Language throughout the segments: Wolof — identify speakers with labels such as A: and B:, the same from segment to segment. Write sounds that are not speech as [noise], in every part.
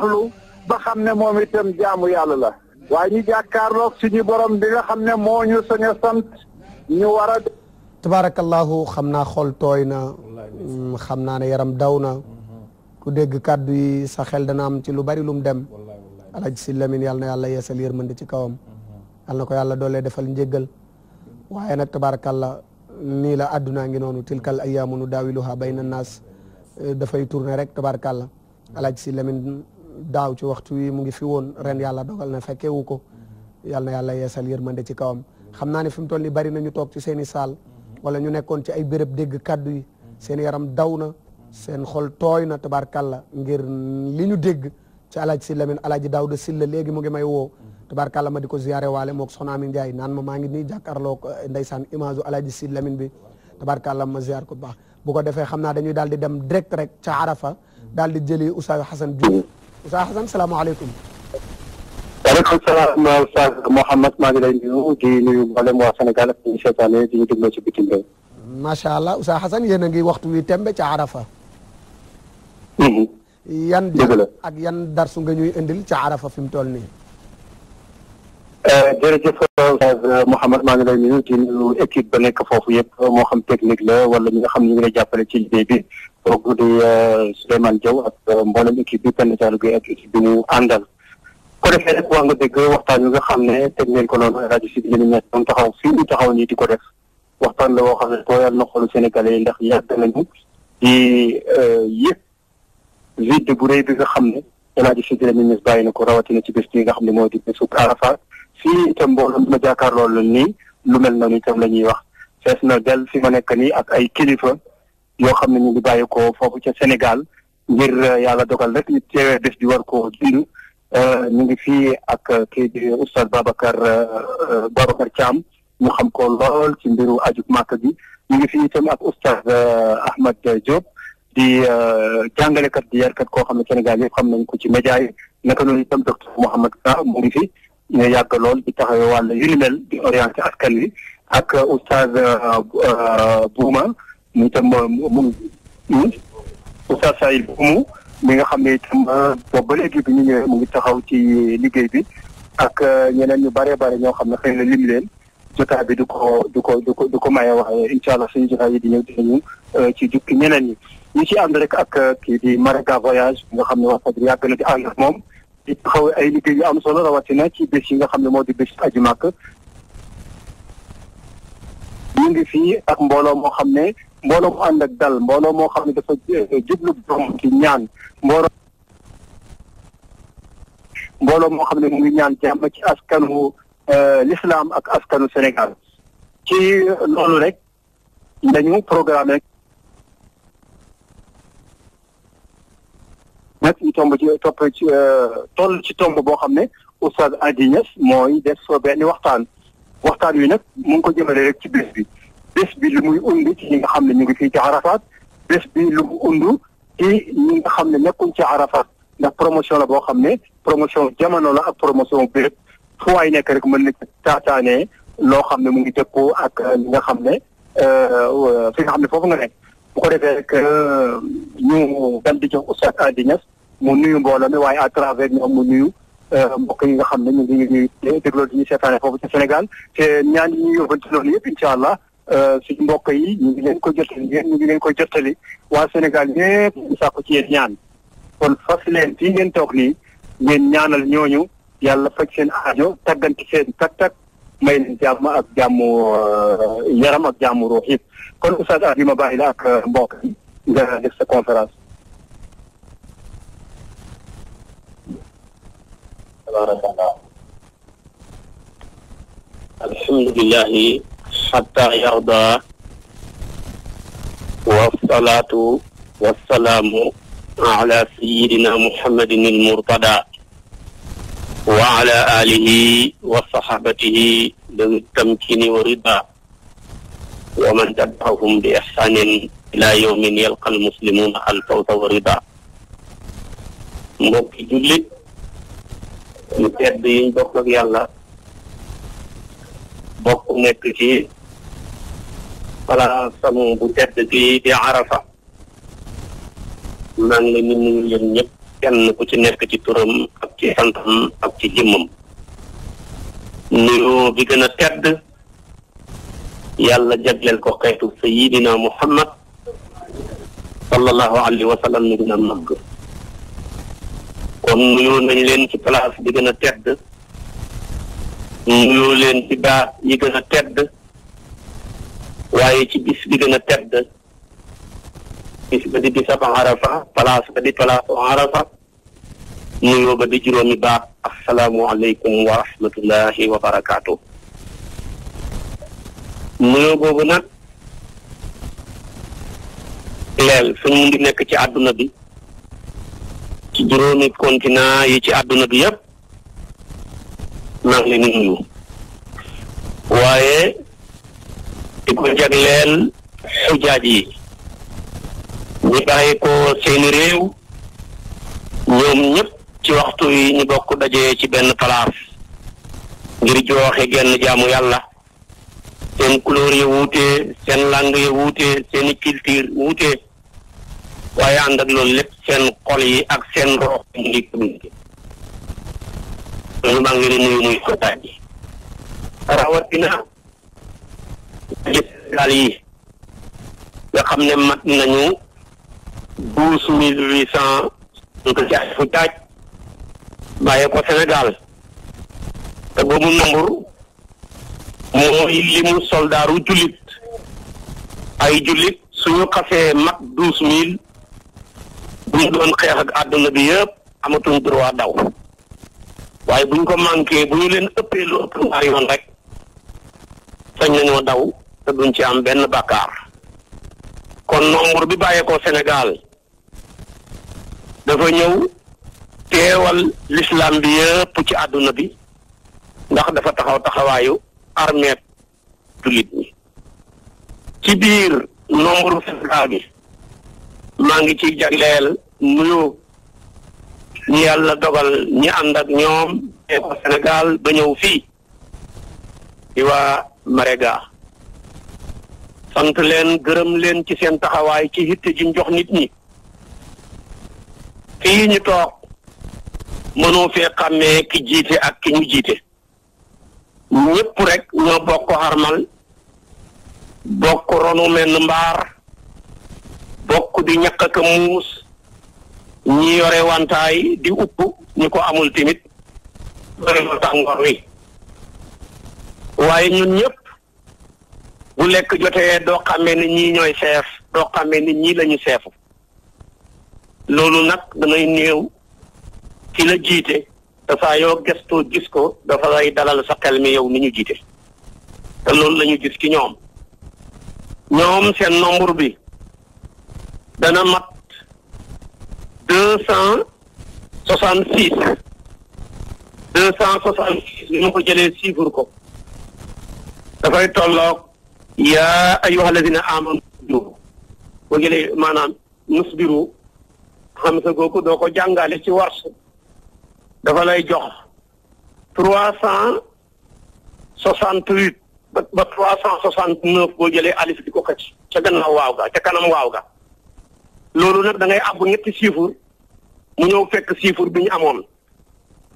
A: toroxlu ba xam ne moom itam jaamu yàlla la waaye ñu jàkkaarloog suñu borom bi nga xam ne moo ñu sañ a sant ñu war a
B: xam naa xol tooy na mm, xam naa ne yaram daw na ku dégg kàddu yi sa xel dana am ci lu bari lum dem alaj si lamin yàlla na yàlla yeesal yërmande ci kawam yàlla na ko yàlla doolee defal njéggal waaye nag tabaarakalla nii la àdduna ngi noonu tilkal ayyaamu nu daawiluha bayna naas dafay tourné rek tabaarakalla alaj si lamin daaw ci waxtu wi mu ngi fi woon ren yàlla dogal na fekkewu ko yàlla na yàlla ma yërmande ci kawam xam naa ne fi mu toll nii bari na ñu toog ci seen saal wala ñu nekkoon ci ay béréb dégg kàddu yi seen yaram daw na seen xol tooy na tabarkalla ngir li ñu dégg ci alaaj si lamin alaaji daawda silla léegi mu ngi may woo tabarkalla ma di ko ziyaare waale mook soxna Amin Njaay naan ma maa ngi nii jàkkaarloo eh, ndeysaan image u alaaji si lamin bi tabarkalla ma ziyaar ko bu baax bu ko defee xam naa dañuy daal di dem direct rek ca arafa Oustaz Assane salaamaaleykum.
A: waaleykum salaam Oustaz Mouhamed maa ngi lay nuyu di nuyu mboolem waa Sénégal ak ñi seetaane di ñu dégloo ci bitim réew.
B: macha allah Oustaz Assane yéen a ngi waxtu wi tembe ca Arafa. Mhm. yan ak yan darsu nga ñuy indil ca Arafa fi mu toll nii.
A: Euh, jërëjëf Oustaz Mouhamed maa ngi lay nuyu di nuyu équipe ba nekk foofu yëpp moo xam technique la wala ñi nga xam ñu ngi lay jàppale ci liggéey bi kooku di euh, Souleymane Diaw ak euh, mboolem équipe bi Penda Diallo Gueye ak équipe bi ñu àndal. ko defee rek wax nga dégg waxtaan yi nga xam ne teg ngeen ko noonu rajo si biir ñett doon taxaw fii ñu taxaw nii di ko def waxtaan la woo xam ne tooyal na xolu Sénégalais yi ndax yàgg nañu di yëg vide bu rëy bi nga xam ne rajo si biir ñett bàyyi na ko rawatina ci bés bi nga xam ne moo di bésu Arafat fii itam mbooloo ma jàkkaarloo la nii lu mel noonu itam la ñuy wax fees na del fi ma nekk nii ak ay kilifa yoo xam ne ñu ngi bàyyi ko foofu ca Sénégal ngir euh, yàlla dogal rek ñu teewee bés bi war koo dund mu euh, ngi fii ak euh, kii di oustaz Babacar Babacar mu xam ko lool ci mbiru aju màkk gi ñu ngi fii itam ak oustaz Ahmad Diop di jàngalekat di yarkat koo xam ne Sénégal yëpp xam nañ ko ci média yi naka noonu itam docteur Mouhamed Ka mu ngi fi ñu yàgg lool di taxawee wàll yu ni mel di orienté askan wi ak euh, oustaz euh, Bouma mu itam euh, mu oustaz Saïd Boumou mi nga xam ne itam boobu ba léegi bi ñu ñëwee mu ngi taxaw ci liggéey bi ak ñeneen ñu bare bare ñoo xam ne xëy na lim leen jotaay bi du ko du ko du ko du ko maye waaye incha allah suñu jotaay yi di ñëw dinañu ci jukki ñeneen ñi ñu ci ànd rek ak kii di Maraga voyage nga xam ne wax dëgg yàgg na di ànd ak moom. ci ay liggéey yu am solo rawatina ci bés yi nga xam ne moo di bés aju màkk mu ngi fi ak mbooloo moo xam ne mbooloo mu ànd ak dal mbooloo moo xam ne dafa jublu borom ci ñaan mbooloo mbooloo moo xam ne mu ngi ñaan jàmm ci askanu euh, lislaam ak askanu Sénégal ci loolu rek dañu programme nag ñu tomb ci topp ci euh, toll ci tomb boo xam ne Oustaz Hady Niass mooy def benn waxtaan waxtaan wi nag mu ngi ko jëmale rek ci bés bi bés bi lu muy undu ci ñi nga xam ne ñu ngi fii ci Arafat bés bi lu mu undu ci ñi nga xam ne nekkuñ ci Arafat ndax promotion la boo xam ne promotion jamono la ak promotion béréb fu waay nekk rek mën na taataanee loo xam ne mu ngi dëppoo ak li nga xam ne euh, fi nga xam ne foofu nga nekk bu ko defee rek euh, ñu dem di jox Oustaz Hady Niass mu nuyu mbooloo mi waaye à travers ñoom mu nuyu euh, mbokk yi nga xam ne ñu ngi ñuy dégloo di ñu seetaane foofu ci Sénégal te ñaan yi ñu yóbbanti loolu yëpp incha allah euh, suñu mbokk yi ñu ngi leen ko jottali yéen ñu ngi leen ko jottali waa Sénégal yëpp ñu sàkku ci yéen ñaan kon fas leen fii ngeen toog nii ngeen ñaanal ñooñu yàlla faj seen aajo tàgganti seen tak tak may leen jàmm ak jàmmu yaram ak jàmmu ruux yëpp kon Oustaz Aly ma bàyyi la ak euh, mbokk yi nga def sa conférence. tabarakallah alhamdulillahi xatta yarda wasalaatu wasalaamu ala sayidina muhammadin almurtada wa ala alihi wa sahabatihi ذوي التمكين والرضا wa man tabi'ahum bi ihsanin ila yawmin yalqa al al-fawza wa rida mbokki jullit ñu tedd yiñ bokk ak yàlla bokk nekk ci palaasam bu tedd gi di Arafa maa ngi leen di nuyu yéen kenn ku ci nekk ci turam ak ci santam ak ci jëmmam nuyoo bi gën a tedd yàlla jagleel ko xeetu sayidina muhammad sallallahu alayhi wa sallam ñu gën kon nuyoo nañ leen ci place bi gën a tedd nuyoo leen ci baax yi gën a tedd waaye ci bis bi gën a tedd bis ba di bisab arafa place ba di palaasu arafa nuyoo ba di juróomi baax assalaamu aleykum wa wa barakaatu nuyoo boobu nag leel fi mu ngi nekk ci àdduna bi ci juróomi continent yi ci àdduna bi yépp nag li ni nuyu waaye di ko jagleel xujaaj yi ñi bàyyi ko seeni réew ñoom ñépp ci waxtu yi ñu bokk dajee ci benn palaas ngir jooxe genn jaamu yàlla seen couleur ya wuutee seen langue ya wuutee seeni culture wuutee waaye ànd ak loolu lépp seen xol yi ak seen rox ñu ngi communiqué loolu yi nga xam ne mat nañu douze mille huit cent bàyyee ko Sénégal te boobu nombre mooy li mu soldaaru jullit ay jullit suñu xasee mag douze mille buñ doon xeex ak àdduna bi yëpp amatuñ droit daw waaye buñ ko manqué bu ñu leen ëppee lu ëpp ñaari yoon rek sañ nañoo daw te duñ ci am benn bàkkaar kon nombre bi bàyyeekoo Sénégal dafa ñëw teewal l'islam bi yëpp ci àdduna bi ndax dafa taxaw taxawaayu armée jullit ñi ci biir nombre fda bi maa ngi ciy jagleel nuyu ñi yàlla dogal ñi ànd ak ñoom te ko Sénégal ba ñëw fii di waa Marega sant leen gërëm leen ci seen taxawaay ci yitte ji jox nit ñi fii ñu toog mënoo fee xàmmee ki jiite ak ki ñu jiite ñëpp rek ñoo bokk xarmal bokk ronu menn mbaar bokk di ñàkk ak muus ñi yore wantaay di upp ñu ko amul timit bëri waaye ñun ñëpp bu lekk jotee doo xamee ni ñii ñooy seef doo xamee ni ñii lañu seefu loolu nag danay néew ki la jiite te saa yoo gëstoo gis ko dafa lay dalal sa xel mi yow mi ñu jiite te loolu la ñu gis ci ñoom ñoom seen nombre bi dana mat deux cent soixante six deux cent soixante six ñu ko jëlee siifur ko dafay tolloog yaa ayyuha alladina amanu boo jëlee maanaam nusbiru xam sa googu doo ko jàngale ci warsu dafa lay jox trois cent soixante huit ba ba trois cent soixante neuf boo jëlee alif di ko xëcc ca gannaaw waaw ga ca kanam waaw ga loolu nag da ngay àbb ñetti chiffre mu ñëw fekk chiffre bi ñu amoon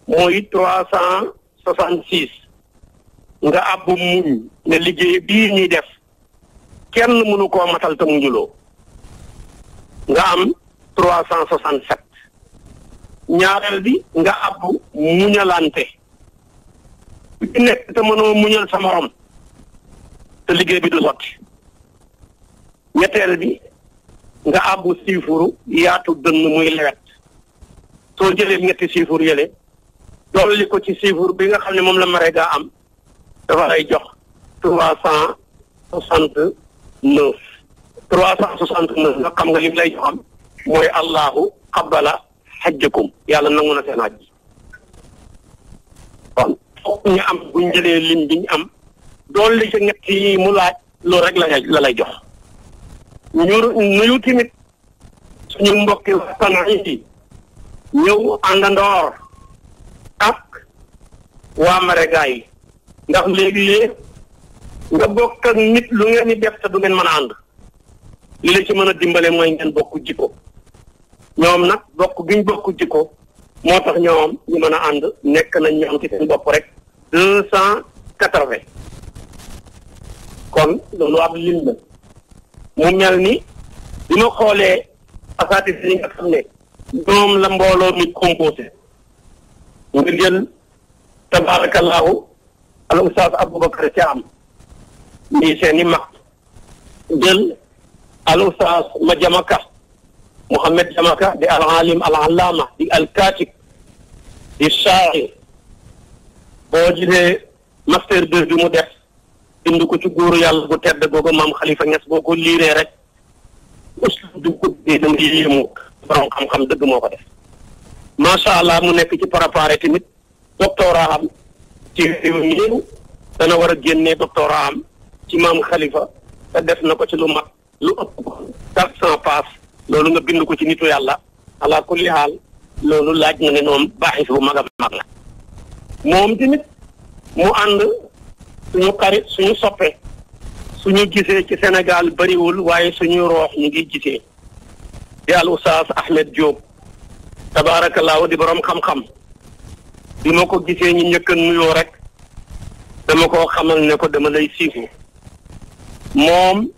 A: mooy trois cent soixante six nga àbb muñ ne liggéey bii ñuy def kenn mënu koo matal te muñuloo nga am trois cent soixante sept ñaareel bi nga abbu muñalante ku ci nekk te mënoo muñal sa morom te liggéey bi du sotti ñetteel bi nga abbu siifuru yaatu dënn muy lewet soo jëlee ñetti siifur yële li ko ci siifur bi nga xam ne moom la mare gaa am dafa lay jox trois cent soixante neuf trois cent soixante neuf nga xam nga lim lay joxam mooy allahu qabala xajjakum yàlla na seen xaj kon foog ñu am buñ jëlee lim bi ñu am dolli sa ñett yi mu laaj loolu rek la la lay jox ñu nuyu tamit suñu mbokki waxtaan yi ñëw àndandoor ak waa Maréga yi ndax léegi-léeg nga bokk nit lu ngeen di def te du ngeen mën a ànd li la ci mën a dimbale mooy ngeen bokk jikko ñoom nag bokk gi ñu bokk jikko moo tax ñoom ñu mën a ànd nekk nañ ñoom ci seen bopp rek deux cent quatre-vingts kon loolu ab lim la mu mel ni bi ma xoolee asaati si nga xam ne ñoom la mbooloo mi composé nga jël tabaarakallaahu al oustaz Aboubacar Thiam mii seen i max jël al oustaz Madiama Ka Mouhamed Jamaka di al-alim al-allama al-katib di shaa'ir boo gisee master 2 bi mu def bind ko ci góoru yàlla bu tedd googu maam Khalifa Niass boo ko liiree rek uslub du guddee da nga yéemu borom dëgg moo ko def mu nekk ci préparé tamit doctorat am ci réew mi dana war a génnee doctorat am ci maam Khalifa te def na ko ci lu mat lu ëpp 400 pages. loolu nga bind ko ci nit yàlla ala kulli haal loolu laaj na ne moom baaxis magam mag a mag la moom tamit mu ànd suñu xarit suñu soppee suñu gisee ci Sénégal bariwul waaye suñu roox ñu ngi gisee di al Oustaz Ahmed Diop tabaarakallaahu di boroom xam-xam bi ma ko gisee ñu njëkka a nuyoo rek dama ko xamal ne ko dama lay siifu moom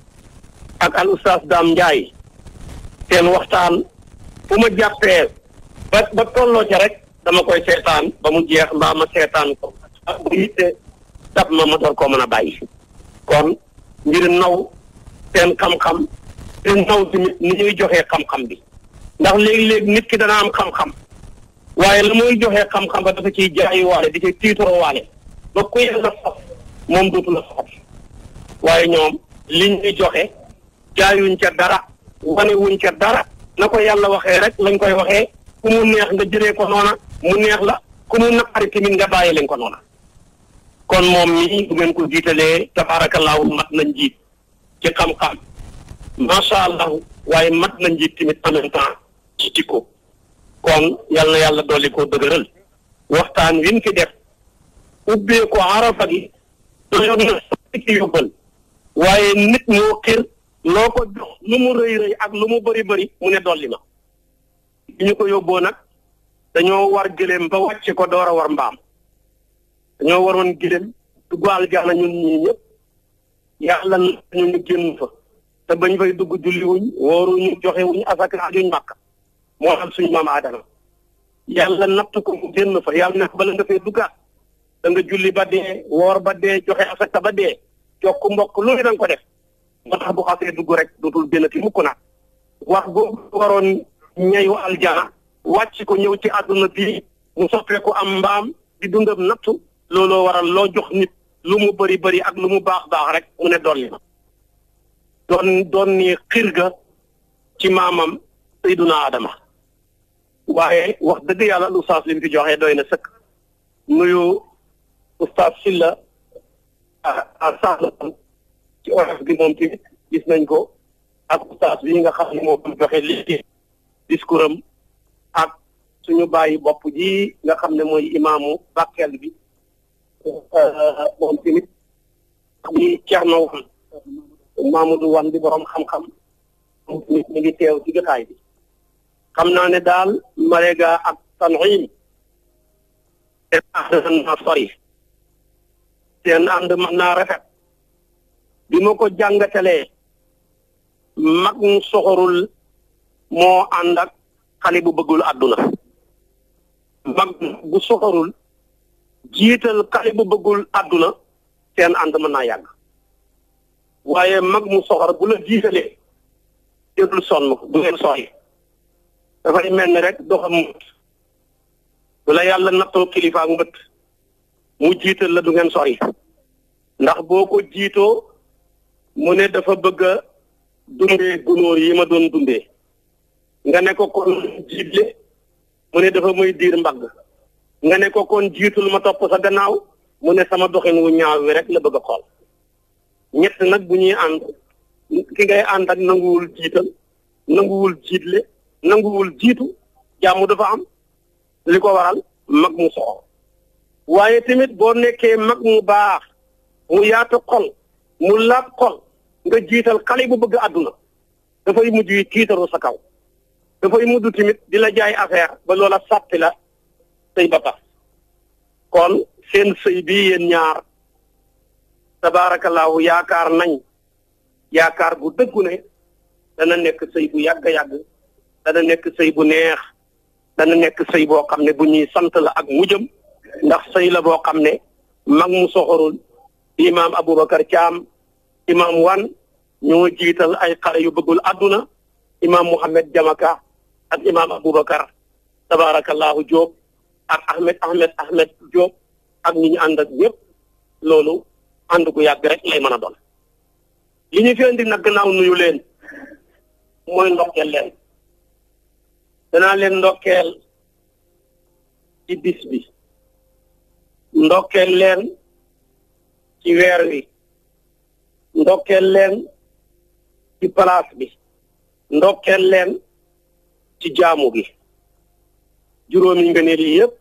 A: ak al Oustaz Dame Ndiaye seen waxtaan bu ma jàppee ba ba tolloo ca rek dama koy seetaan ba mu jeex mbaa ma seetaan ko ah, bu ma ma door koo mën a bàyyi kon ngir naw seen xam-xam te naw ni ñuy joxe xam-xam bi ndax léegi-léegi nit ki dana am xam-xam waaye la muy joxe xam-xam ba dafa ciy jaayuwaale di ci tiitorowaale ba ku yàlla sof moom dootu la soxal waaye ñoom li ñuy joxe jaayuñ ca dara wane wuñ ca dara na ko yàlla waxee rek lañ koy waxee ku mu neex nga jëree ko noona mu neex la ku mu naqari tamit nga bàyyi lañ ko noona kon moom mii bu ngeen ko giitalee jiitalee tabaarakallaahu mat na njiit ci xam-xam macha allah waaye mat na njiit tamit en même temps ci jikko kon yal yàlla dolli koo dëgëral waxtaan wi ñu def ubbee ko arafa gi doyoon na ci yóbbal loo ko jox lu mu rëy rëy ak lu mu bëri bëri mu ne dolli ma ñu ko yóbboo nag dañoo war gëléem ba wàcce ko door a war mbaam dañoo waroon gëléem dugg aljaana ñun ñii ñëpp yàlla ñu ñu génn fa te bañ fay dugg julli wuñ wooruñu joxe wuñ asaka ajuñ màkk moo xam suñu maam aadama yàlla natt ko mu génn fa yàlla ne la nga fay duggaat da nga julli ba dee woor ba dee joxe asaka ba dee jokk mbokk lu ne da ko def moo tax bu xasee dugg rek dootul génnati mukk na wax boobu waroon ñayu aljana wàcc ko ñëw ci àdduna bii mu soppeeku am mbaam di dundam nattu looloo waral loo jox nit lu mu bari bari ak lu mu baax baax rek mu ne doon na doon doon ni xir ga ci maamam Seyduna Adama waaye wax dëgg yàlla lu saas li mu fi doy na sëkk nuyu oustaz Sylla ah, ah, a ci orange bi moom tamit gis nañ ko ak oustaz bi nga xam ne moo joxe léegi discours ak suñu bàyyi bopp ji nga xam ne mooy imaamu Bakel bi euh, moom tamit muy Thierno Wan Mamadou Wan di borom xam-xam moom tamit mi ngi teew ci bi xam naa ne daal Marega ak Tanhim seen ànd mën naa sori mën naa rafet bi ma ko jàngatalee mag mu soxorul moo ànd ak xale bu bëggul àdduna mag bu soxorul jiital xale bu bëggul àdduna seen ànd mën naa yàgg waaye mag mu soxor bu la jiitalee déglu sonn du ngeen sori dafay mel ni rek doxam mut yàlla nattoo kilifa ak mu jiital la du ngeen sori ndax boo ko jiitoo mu ne dafa bëgg a dundee gunóor yi ma doon dundee nga ne ko kon jiitle mu ne dafa muy diir mbagg nga ne ko kon jiitu lu ma topp sa gannaaw mu ne sama doxin wu ñaaw wi rek la bëgg a ñett nag bu ñuy ànd ki ngay ànd ak nanguwul jiital nanguwul jiitle nanguwul jiitu jàmm dafa am li ko waral mag mu soxor waaye tamit boo nekkee mag mu baax mu yaatu xol mu laab xol nga jiital xale bu bëgg àdduna dafay mujj yi tiitaru sa kaw dafay mujj tamit di la jaay affaire ba loola sàppi la sëy ba tas kon seen sëy bii yéen ñaar tabaarakallaahu yaakaar nañ yaakaar gu dëggu ne dana nekk sëy bu yàgg yàgg dana nekk sëy bu neex dana nekk sëy boo xam ne bu ñuy sant la ak mujjam ndax sëy la boo xam ne mag mu soxorul imaam Aboubacar Caam imaam wan ñoo jiital ay xale yu bëggul àdduna imaam Mouhamed Jamaka ak imaam Aboubacar tabaarakallaahu Diop ak Ahmed Ahmed Ahmed Diop ak ñi ñu ànd ak loolu ànd gu yàgg rek lay mën a doon. li ñu fi indi nag gannaaw nuyu leen mooy ndokkeel leen danaa leen ndokkeel ci bis bi ndokkeel leen ci weer wi. ndokkeel leen ci place bi ndokkeel leen ci jaamu gi juróomi ngëneel yi yëpp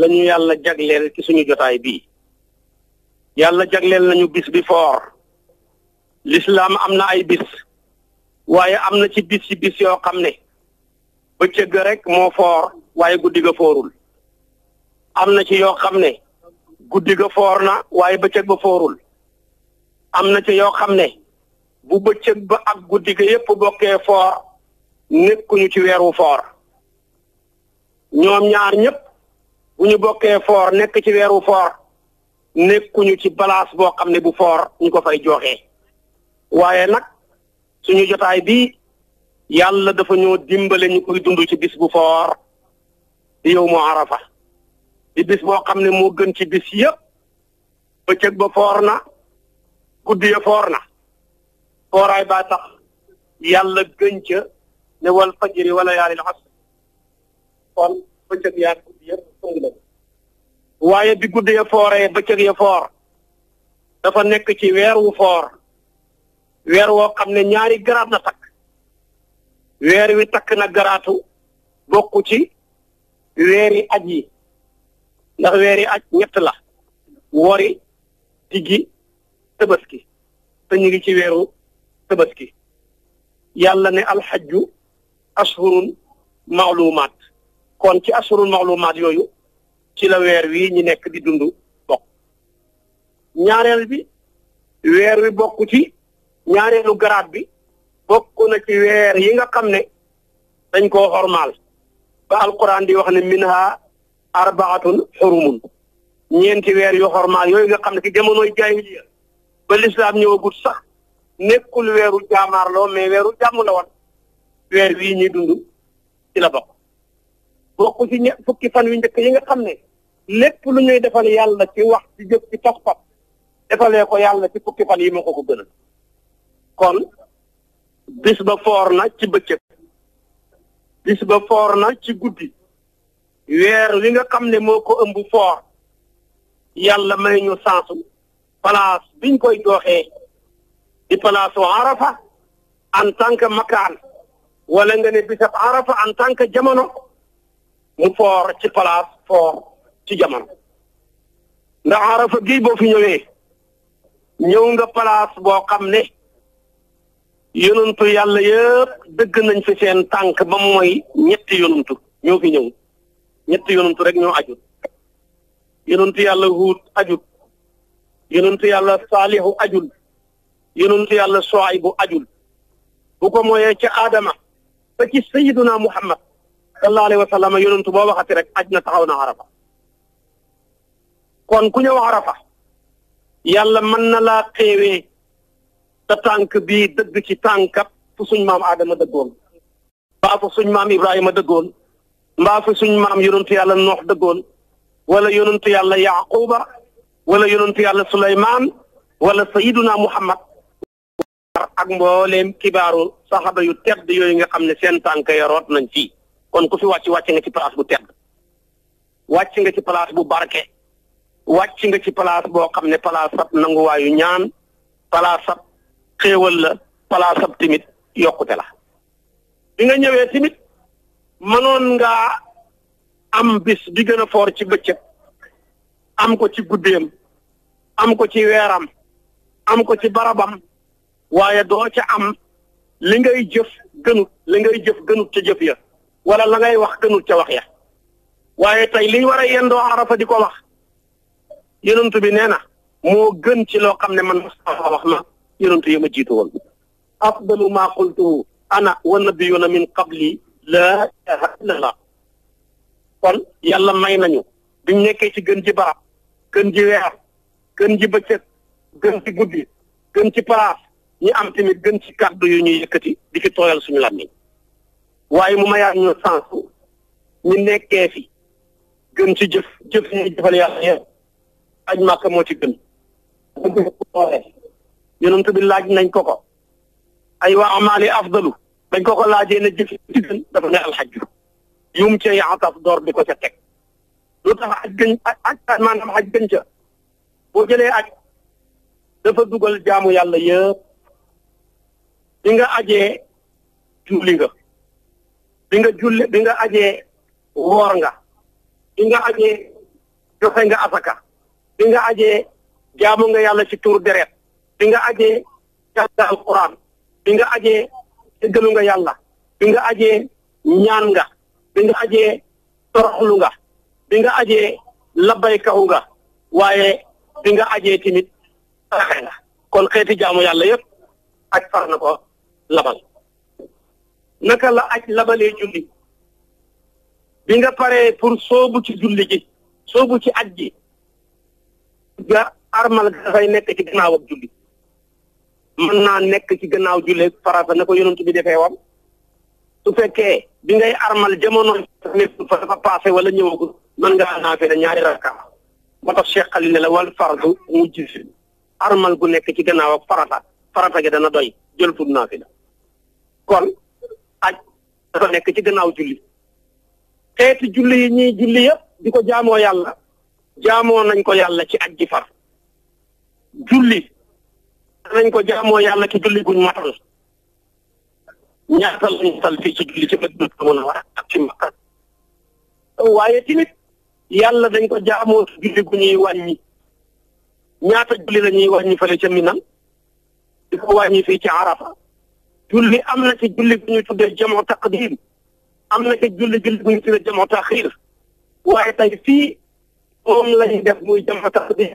A: lañu yàlla jagleel ci suñu jotaay bi yàlla jagleel nañu bis bi foor lislaam am na ay bis waaye am na ci bis ci bis yoo xam ne bëccëg rek moo foor waaye guddi ga foorul am na ci yoo xam ne guddi ga foor na waaye bëccëg ba foorul am na ci yoo xam ne bu bëccëg ba ak guddi ga yépp bokkee foor nekkuñu ci weeru foor ñoom ñaar ñëpp bu ñu bokkee foor nekk ci weeru foor nekkuñu ci balaas boo xam ne bu foor ñu ko fay joxe waaye nag suñu jotaay bi yàlla dafa ñoo dimbale ñu koy dund ci bis bu foor yow mu arafa di bis boo xam ne moo gën ci bis yëpp bëccëg ba foor na guddi ya foor na fooraay baa tax yàlla gën ca ne wal fajiri wala yaari la xas kon bëccëg yaa ya song waaye bi guddi ya fooree bëccëg ya foor dafa nekk ci weer wu foor weer woo xam ne ñaari garaat na takk weer wi takk na garaatu bokku ci weeri aj yi ndax weeri aj ñett la wori diggi tabaski te ñu ngi ci weeru tabaski yàlla ne alxajju ashurun maalumaat kon ci ashurun maalumaat yooyu ci la weer wi ñu nekk di dund bokk ñaareel bi weer wi bokk ci ñaareelu garaat bi bokk na ci weer yi nga xam ne dañ koo xormaal ba alquran di wax ne minha arbaatun xurumun ñeenti weer yu xormaal yooyu nga xam ne ci jamonoy jaahiliya ba lislaam ñëwagut sax nekkul weeru jaamaarloo mais weeru jàmm la woon weer wii ñuy dund ci la bokk bokk ci fukki fan wi njëkk yi nga xam ne lépp lu ñuy defal yàlla ci wax ci jëf ci pas-pas defalee ko yàlla ci fukki fan yi ma ko ko kon bis ba foor na ci bëccëg bis ba foor na ci guddi weer wi nga xam ne moo ko ëmb foor yàlla may ñu sansu place biñ koy jooxee di place u arafa en tant que makaan walla nga ne bisab arafa en tant que jamono mu foor ci place foor ci jamono ndax arafa gii boo fi ñëwee ñëw nga place boo xam ne yonantu yàlla yëpp dëgg nañ fi seen tànk ba mooy ñetti yonantu ñoo fi ñëw ñetti yonantu rek ñoo ajut yonantu yàlla huut ajut yonentu yàlla saalihu ajul yonentu yàlla soaybu ajul bu ko mooyee ca aadama ba ci sayiduna muhammad sallallahu alayhi wa sallam yonentu boo waxati rek aj na taxaw na arafa kon ku ñëw arafa yàlla man na laa xeewee sa tànk bii dëgg ci tànkab fu suñ maam aadama dëggoon mbaa fu suñ maam ibrahima dëggoon mbaa fu suñ maam yonentu yàlla noox dëggoon wala yonentu yàlla yaquba wala yonentu yàlla Suleymaan wala sayiduna Muhammad ak mbooleem kibaaru saxaba yu tedd yooyu nga xam ne seen tànk ya root nañ ci kon ku fi wàcc wàcc nga ci place bu tedd wàcc nga ci place bu barke wàcc nga ci place boo xam ne place nanguwaayu ñaan place ab xéewal la place timit yokkute la bi nga ñëwee timit mënoon ngaa am bis bi gën a foor ci bëccëg am ko ci guddeem am ko ci weeram am ko ci barabam waaye doo ca am li ngay jëf gënut li ngay jëf gënut ca jëf ya wala la ngay wax gënut ca wax ya waaye tey li war a yendoo arafa di ko wax yonent bi nee na moo gën ci loo xam ne man Mustafa wax na yonent yi ma jiitu woon afdalu maa qultuhu ana wa nabiyuna min qabli laa ilaha kon yàlla may nañu biñ nekkee ci gën ci barab gën ji weer gën ji bëccëg gën ci guddi gën ci palaas ñu am tamit gën ci kàddu yu ñuy yëkkati di ci tooyal suñu làmmiñ waaye mu mayaat ñu sansu ñu nekkee fi gën ci jëf jëf ñuy jëfal yàlla yëpp aj màkk moo ci gën yonent bi laaj nañ ko ko ay waa amaali afdalu dañ ko ko laajee ne jëf ci gën dafa ne alxajju yum cee yaataf door bi ko ca teg lu tax aj gën aj maanaam aj gën ca boo jëlee aj dafa dugal jaamu yàlla yëpp bi nga ajee julli nga bi nga julli bi nga ajee woor nga bi nga ajee joxe nga asaka bi nga ajee jaamu nga yàlla ci tuur deret bi nga ajee jàng alquran bi nga ajee déggalu nga yàlla bi nga ajee ñaan nga bi nga ajee toroxlu bi nga ajee labay kaw nga waaye bi nga ajee tamit saraxe kon xeeti jaamu yàlla yëpp aj far na ko labal naka la aj labalee julli bi nga paree pour soobu ci julli ji soobu ci aj ji ga armal ga dafay nekk ci gannaaw ak julli mën naa nekk ci gannaaw julli farata na ko yonent bi defee wam su fekkee bi ngay armal jamono fa dafa passé wala ñëwagul mën ngaa naafila ñaari rakka moo tax Cheikh ne la wal fardu mu gis armal gu nekk ci gannaaw ak farata gi dana doy jël fut naafila kon aj dafa nekk ci gannaaw julli xeeti julli yi ñuy julli yëpp di ko jaamoo yàlla jaamoo nañ ko yàlla ci aj ji far julli nañ ko jaamoo yàlla ci julli guñ matal ñaata lañ tal fii ci julli ci mën a wax ak ci makka waaye tamit yàlla dañ ko jaamoo julli gu ñuy wàññi ñaata julli la ñuy wàññi fële ca Minan di ko wàññi fii ci Arafa julli am na ci julli gu ñuy tuddee jamoo taqdim am na ci julli julli gu ñuy tuddee jamoo taxiir waaye tey fii moom la def muy jamoo taqdim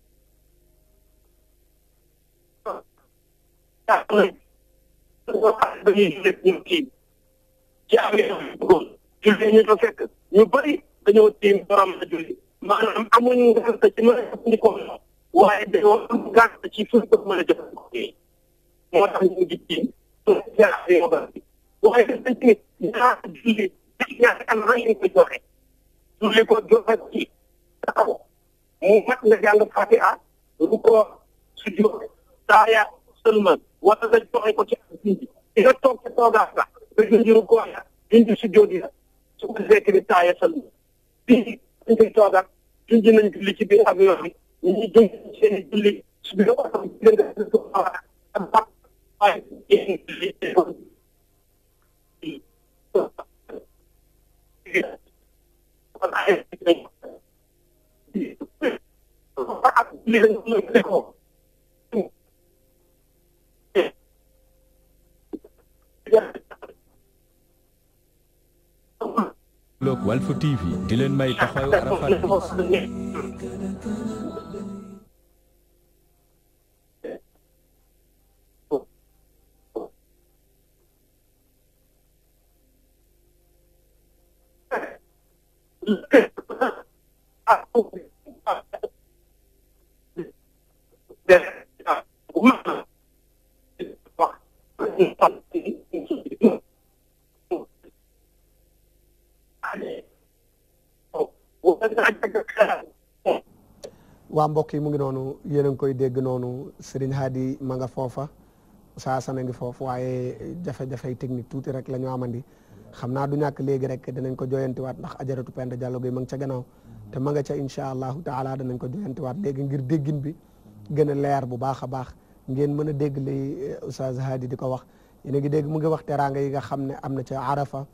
A: tax na ba ñuy jullit ñu tiim ci am yoon bëggoon julli ñu ko fekk ñu bëri dañoo tiim borom la julli ci mën a ko a jëfandikoo moo tax ñu ngi tiim suñu bëri waaye def nañ tamit ñaar julli ñaari am ko joxe julli ko mu mat nga jàng fatiha ah, lu ko su joxe saaya wala nga joxe ko ci askan bi nga toog ca toogaat la nga junj rukkoo ya junj sujjóot ya su ko defee bi taaya sal bii dañ koy toogaat junj nañ julli ci biir avion bi ñi junj seen i julli su biir oto bi nga def ko ak bàq waaye yéen julli kon ay
C: loog Walf TV di leen may taxaw Arafat [laughs] bi
A: [laughs] [laughs]
B: waa mbokk yi mu ngi noonu yéen a ngi koy dégg noonu Serigne Hadi ma nga foofa saa sana ngi foofu waaye jafe-jafe technique tuuti rek la ñu amandi xam naa du ñàkk léegi rek danañ ko joyantiwaat ndax ajaratu Penda Diallo Gueye ma nga ca gannaaw te ma nga ca incha allahu taala danañ ko joyantiwaat léegi ngir déggin bi gën a leer bu baax a baax ngeen mën a dégg li eh, Oustaz Hadi di ko wax yéen a mu ngi wax teraanga yi nga xam ne am na ca Arafa.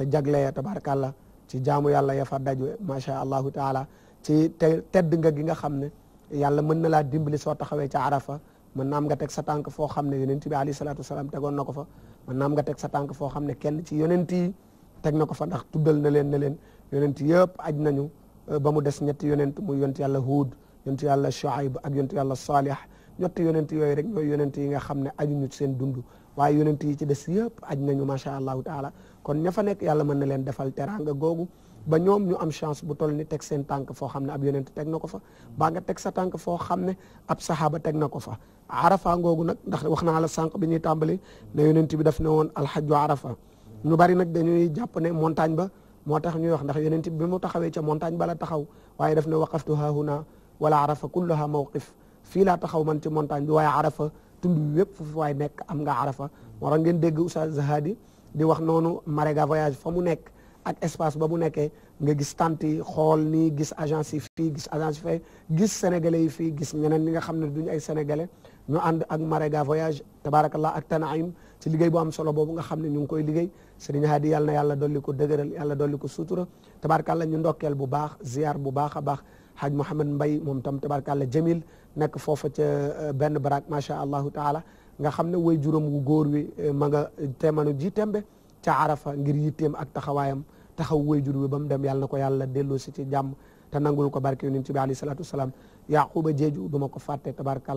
B: ca jagle ya tabarakàllah ci jaamu yàlla ya fa daju macha allahu taala ci te tedd nga gi nga xam ne yàlla mën na laa dimbali soo taxawee ca arafa mën na nga teg sa tànk foo xam ne yonent bi alayhi salaatu wasalaam tegoon na ko fa mën na nga teg sa tànk foo xam ne kenn ci yonent yi teg na ko fa ndax tuddal na leen ne leen yonent yëpp aj nañu eh, ba mu des ñetti yonent muy yonent yàlla Huud yonent yàlla Shuayb ak yonent yàlla Salih ñetti yonent yooyu rek yonent yi nga xam ne ajuñu ci seen dund waaye yonent yi ci des yëpp aj nañu macha allahu taala kon ña fa nekk yàlla mën na leen defal teraanga googu ba ñoom ñu am chance bu toll ni teg seen tànk foo xam ne ab yonent teg na ko fa baa nga teg sa tànk foo xam ne ab sahaaba teg na ko fa arafa ngoogu nag ndax wax naa la sànq bi ñuy tàmbali ne yonent bi daf ne woon alxajju arafa ñu bari nag dañuy jàpp ne montagne ba moo tax ñuy wax ndax yonent bi mu taxawee ca montagne ba la taxaw waaye daf ne waqaftu hahuna wala arafa kulluha mawqif fii laa taxaw man ci montagne bi waaye arafa tund wépp fu waay nekk am nga arafa moo tax ngeen dégg Oustaz Zahadi di wax noonu Maréga voyage fa mu nekk ak espace ba mu nekkee nga gis tant yi xool nii gis agence yi fii gis agence yi gis sénégalais yi fii gis ñeneen ñi nga xam ne duñu ay sénégalais ñu ànd ak Maréga voyage tabarakallah ak Tanaim ci liggéey bu am solo boobu nga xam ne ñu ngi koy liggéey Serigne Hadi yàlla na yàlla dolli ko dëgëral yàlla dolli ko sutura tabarakallah ñu ndokkeel bu baax ziar bu baax a baax Hadj Mouhamed mbay moom tam tabarakallah jamil nekk foofa ca euh, benn barak macha allahu taala nga xam ne way juróom wu góor wi eh, ma nga eh, teemanu ji tembe ca arafa ngir yitteem ak taxawaayam taxaw way jur wi ba mu dem yàlla na ko yàlla delloo si ci jàmm te nangul ko barke yonent bi alayhi salaatu wasalaam yaquba jeeju du ma ko fàtte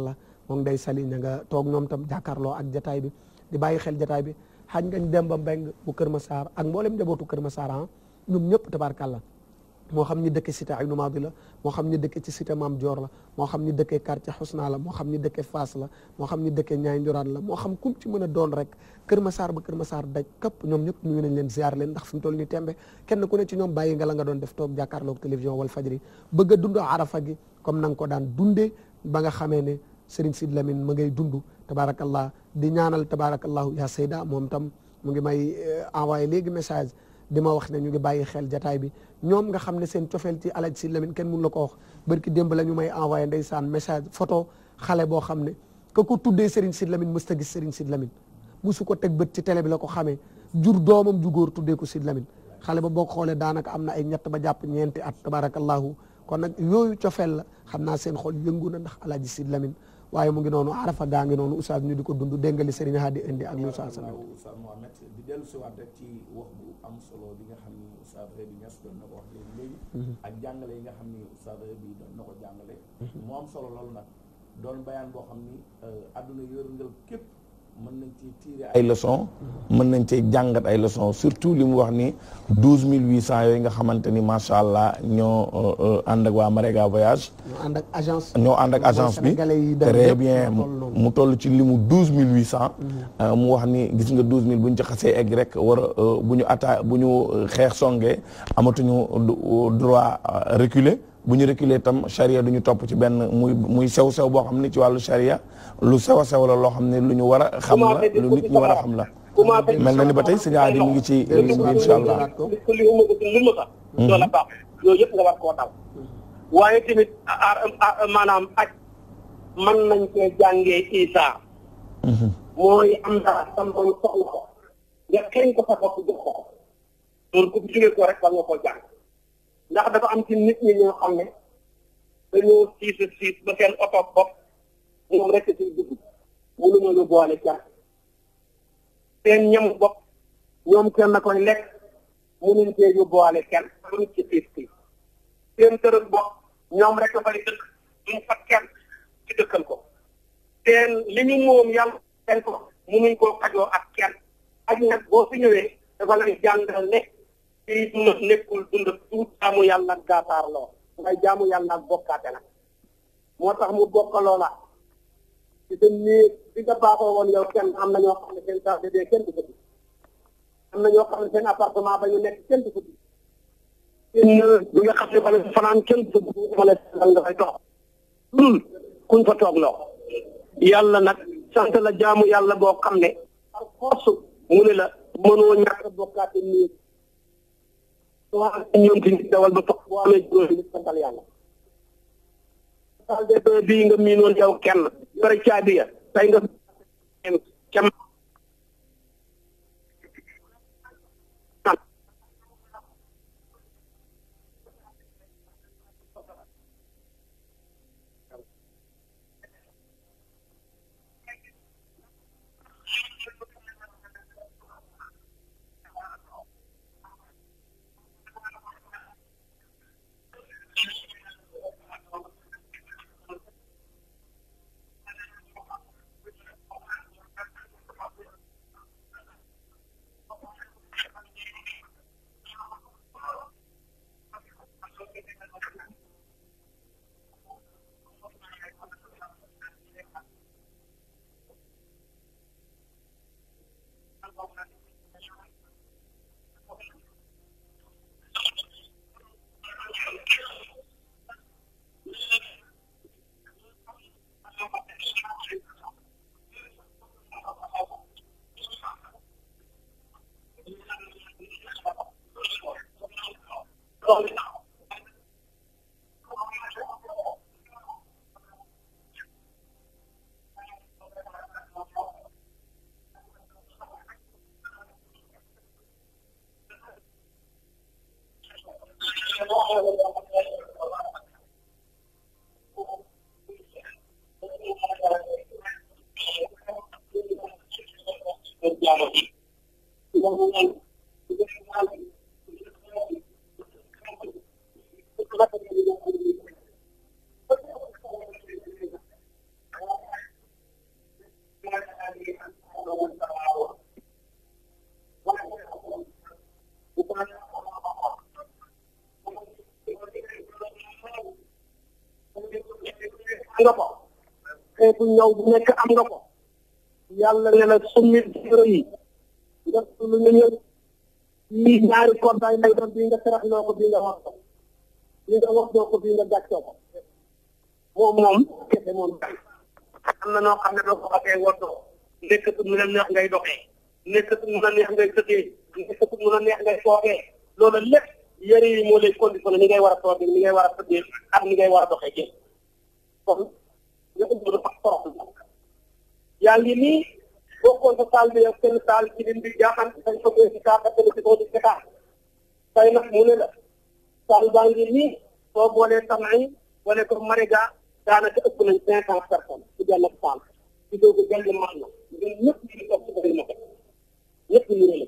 B: la moom day sali ña nga toog ñoom tam jàkkaarloo ak jataay bi di bàyyi xel jataay bi xaj ngañ demba mbeng bu Kër Masaar ak mboolem njabootu Kër Masaar ah ñoom ñëpp la moo xam ni dëkke cité Aynou Madi la moo xam ni dëkke ci cité Mame Dior la moo xam ni dëkke quartier Xusna la moo xam ni dëkke Fass la moo xam ni dëkke Ñaay Njuraan la moo xam kum ci mën a doon rek Kër Masaar ba Kër Masaar daj këpp ñoom ñëpp nuyu nañ leen ziar leen ndax fi mu toll nii tembe kenn ku ne ci ñoom bàyyi nga la nga doon def toog jàkkaarloog télévision wal fajri bëgg a dund arafa gi comme na nga ko daan dundee ba nga xamee ne Serigne Sid Lamine ma ngay dund tabarakallah di ñaanal tabarakallahu ya sayda moom tam mu ngi may euh, envoyé léegi message di ma wax ne ñu ngi bàyyi xel jataay bi ñoom nga xam ne seen cofeel ci alaj si Lamine kenn mun la ko wax barki démb la ñu may envoyé ndeysaan message photo xale boo xam ne ka ko tuddee Serigne Sid Lamine mës ta gis Serigne Sid Lamine musu ko teg bët ci télé bi la ko xame jur doomam ju tuddee ko Sid Lamine xale ba boo ko xoolee daanaka am na ay ñett ba jàpp ñeenti at tabarakallahu kon nag yooyu cofeel la xam naa seen xol yëngu na ndax alaaji Sid Lamine waaye mu ngi noonu arafa gaa ngi noonu oustaz ñu di ko dund dégg nga li Serigne Hadi indi ak li oustaz Salaam.
C: oustaz Mohamed di dellu si waat rek ci wax bu am solo bi nga xam ni oustaz bi Niass doon na ko wax léegi léegi. Mhm. ak jàngale yi nga xam ni oustaz bi doon na ko jàngale. Mhm. mu am solo lool nag doon bayaan boo xam ni euh, àdduna yërngal képp. mën nañ cee tirer ay leçons. mën nañ cee jàngat ay leçons surtout li mu wax ni douze mille huit cent yooyu nga xamante ni macha allah ñoo euh, euh, ànd ak waa Maréga voyage. ñoo
B: ànd agence. ñoo ànd ak agence bi très bien
C: mu toll ci limu douze mille huit cent. Mm-hmm. Euh, mu wax ni gis nga douze mille bu ñu ci xasee egg rek war a bu ñu atta bu ñu xeex songee amatuñu droit reculer. bu ñu reculer itam charia du ñu topp ci benn muy muy sew sew boo xam ne ci wàllu charia lu sew a sew la loo xam ne lu ñu war a xam la lu nit ñi war a xam la. mel na ni ba tey sëñ Adi mu ngi ci ligne bi incha allah.
A: Mhm. yooyu yëpp nga war koo daw. waaye tamit maanaam aj mën nañ koo jàngee isa mhm. mooy am daa sam doon soxla ko. nga xëy ko fa bopp jox ko ko. loolu ku jógee ko rek war nga koo jàng. ndax dafa am ci nit ñi ñoo xam ne dañoo siis a siis ba seen oto bopp ñoom rek ci dugg mënuma lu boole car seen ñam bopp ñoom kenn na koy lekk mënuñ cee ñu boole kenn mënuñ ci siis siis seen tërël ci dëkkal ko seen li ñu moom yàlla seen ko mënuñ koo xajoo ak kenn ak nag boo fi ñëwee dafa lay jàngal ne fii dund nekkul dund jaamu yàlla ak gaataar loo waaye jaamu yàlla ak bokkaate la moo tax mu bokkaloo la ci sa nga baaxoo woon yow kenn am na ñoo xam ne am na ñoo nekk kenn du ko gis seen bi nga xam la fanaan kenn du ko nga toog dul hmm, kuñ fa toog loo yàlla nag sant la jaamu yàlla boo xam ne par force mu ne la mënoo ñàkk bokkaate néeg waaw ñoom tamit dawal ba toog boo amee juróomi nit santal yàlla. daal de bii nga miinoon yow kenn. pare caabi ya tey nga. kenn loolu xeetu ñaw bu nekk am nga ko yàlla ne la summi dëgër yi nga lu ne ñëw lii ñaari koddaay lay doon bii nga sarax noo ko bii nga wax ko bii nga wax noo ko bii nga gàccoo ko moom moom kese moom kay am na noo xam ne doo ko waxee woddoo nekkatu mu la neex ngay doxee nekkatu mu la neex ngay sëtee nekkatu mu la neex ngay soogee loolu lépp yëre yi moo lay conditionné ni ngay war a soogee ni ngay war a sëtee ngay war a nga ëpp dafa xorox la yaa ngi nii bokkoon sa saal bi ak seen saal ci lim bi jaaxal dañ ko koy si kaakatale si koo di setaan tey nag mu ne la saal baa ngi nii soo boolee samay wala ko mariga daanaka ëpp nañ cinq cent personnes ci benn saal ci doogu benn man na ñun ñëpp ñu ngi toog ci benn ma ñëpp ñu ngi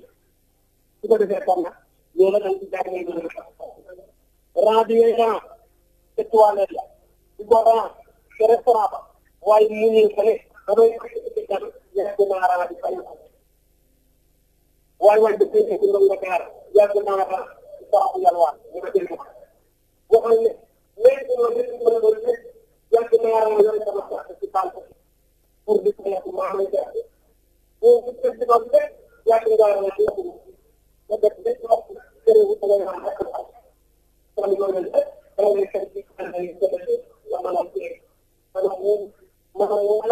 A: su ko defee kon nag loolu dañ ci jàngee ñu ne la su ko rang ca ba waaye mu ñu ko ne damay def yàgg naa raadu fay ko waaye waaye dafay nekk ndongo daara yàgg naa raadu saabu yalwaan ñu ko jël ko waxal ne léegi ma nekk ndongo lépp yàgg naa raadu yore sama sax ci baal ko pour di ko nekk maa ngi def boo ko jël ci bopp lépp yàgg naa raadu yore nga def lépp wax kër yi da ngay am rek la kon loolu lépp da ngay fekk ci xel yi nga def la mën a Well,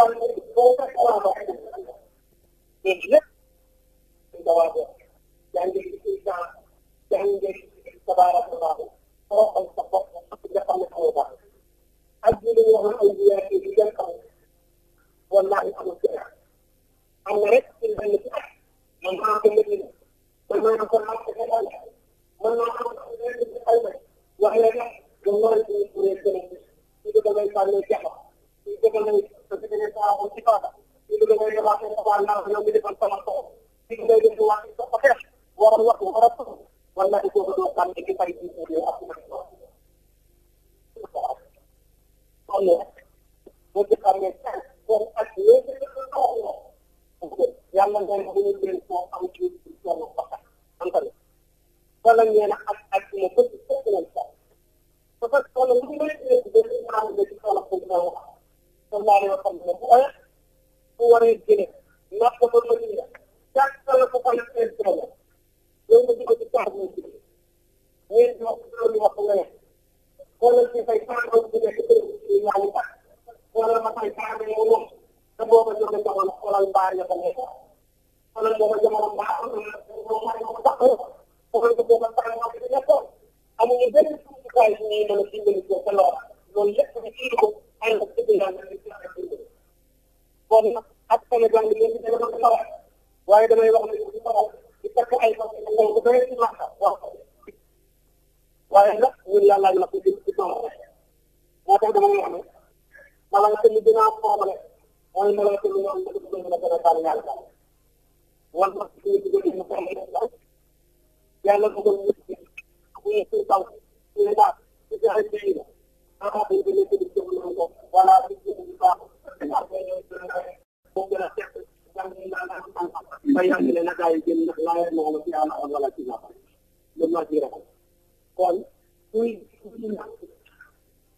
A: yàlla dogal mu ci ñu ci taw ñu la ci ci ay bi na ko bu ñu ci ci ñu ko wala ci ci bu baax ko gëna tek jàng ñu la la am ba yàgg le na gaay gën ndax laay mo ko ci yàlla am wala ci la lu ma ci rek kon kuy ñu na ci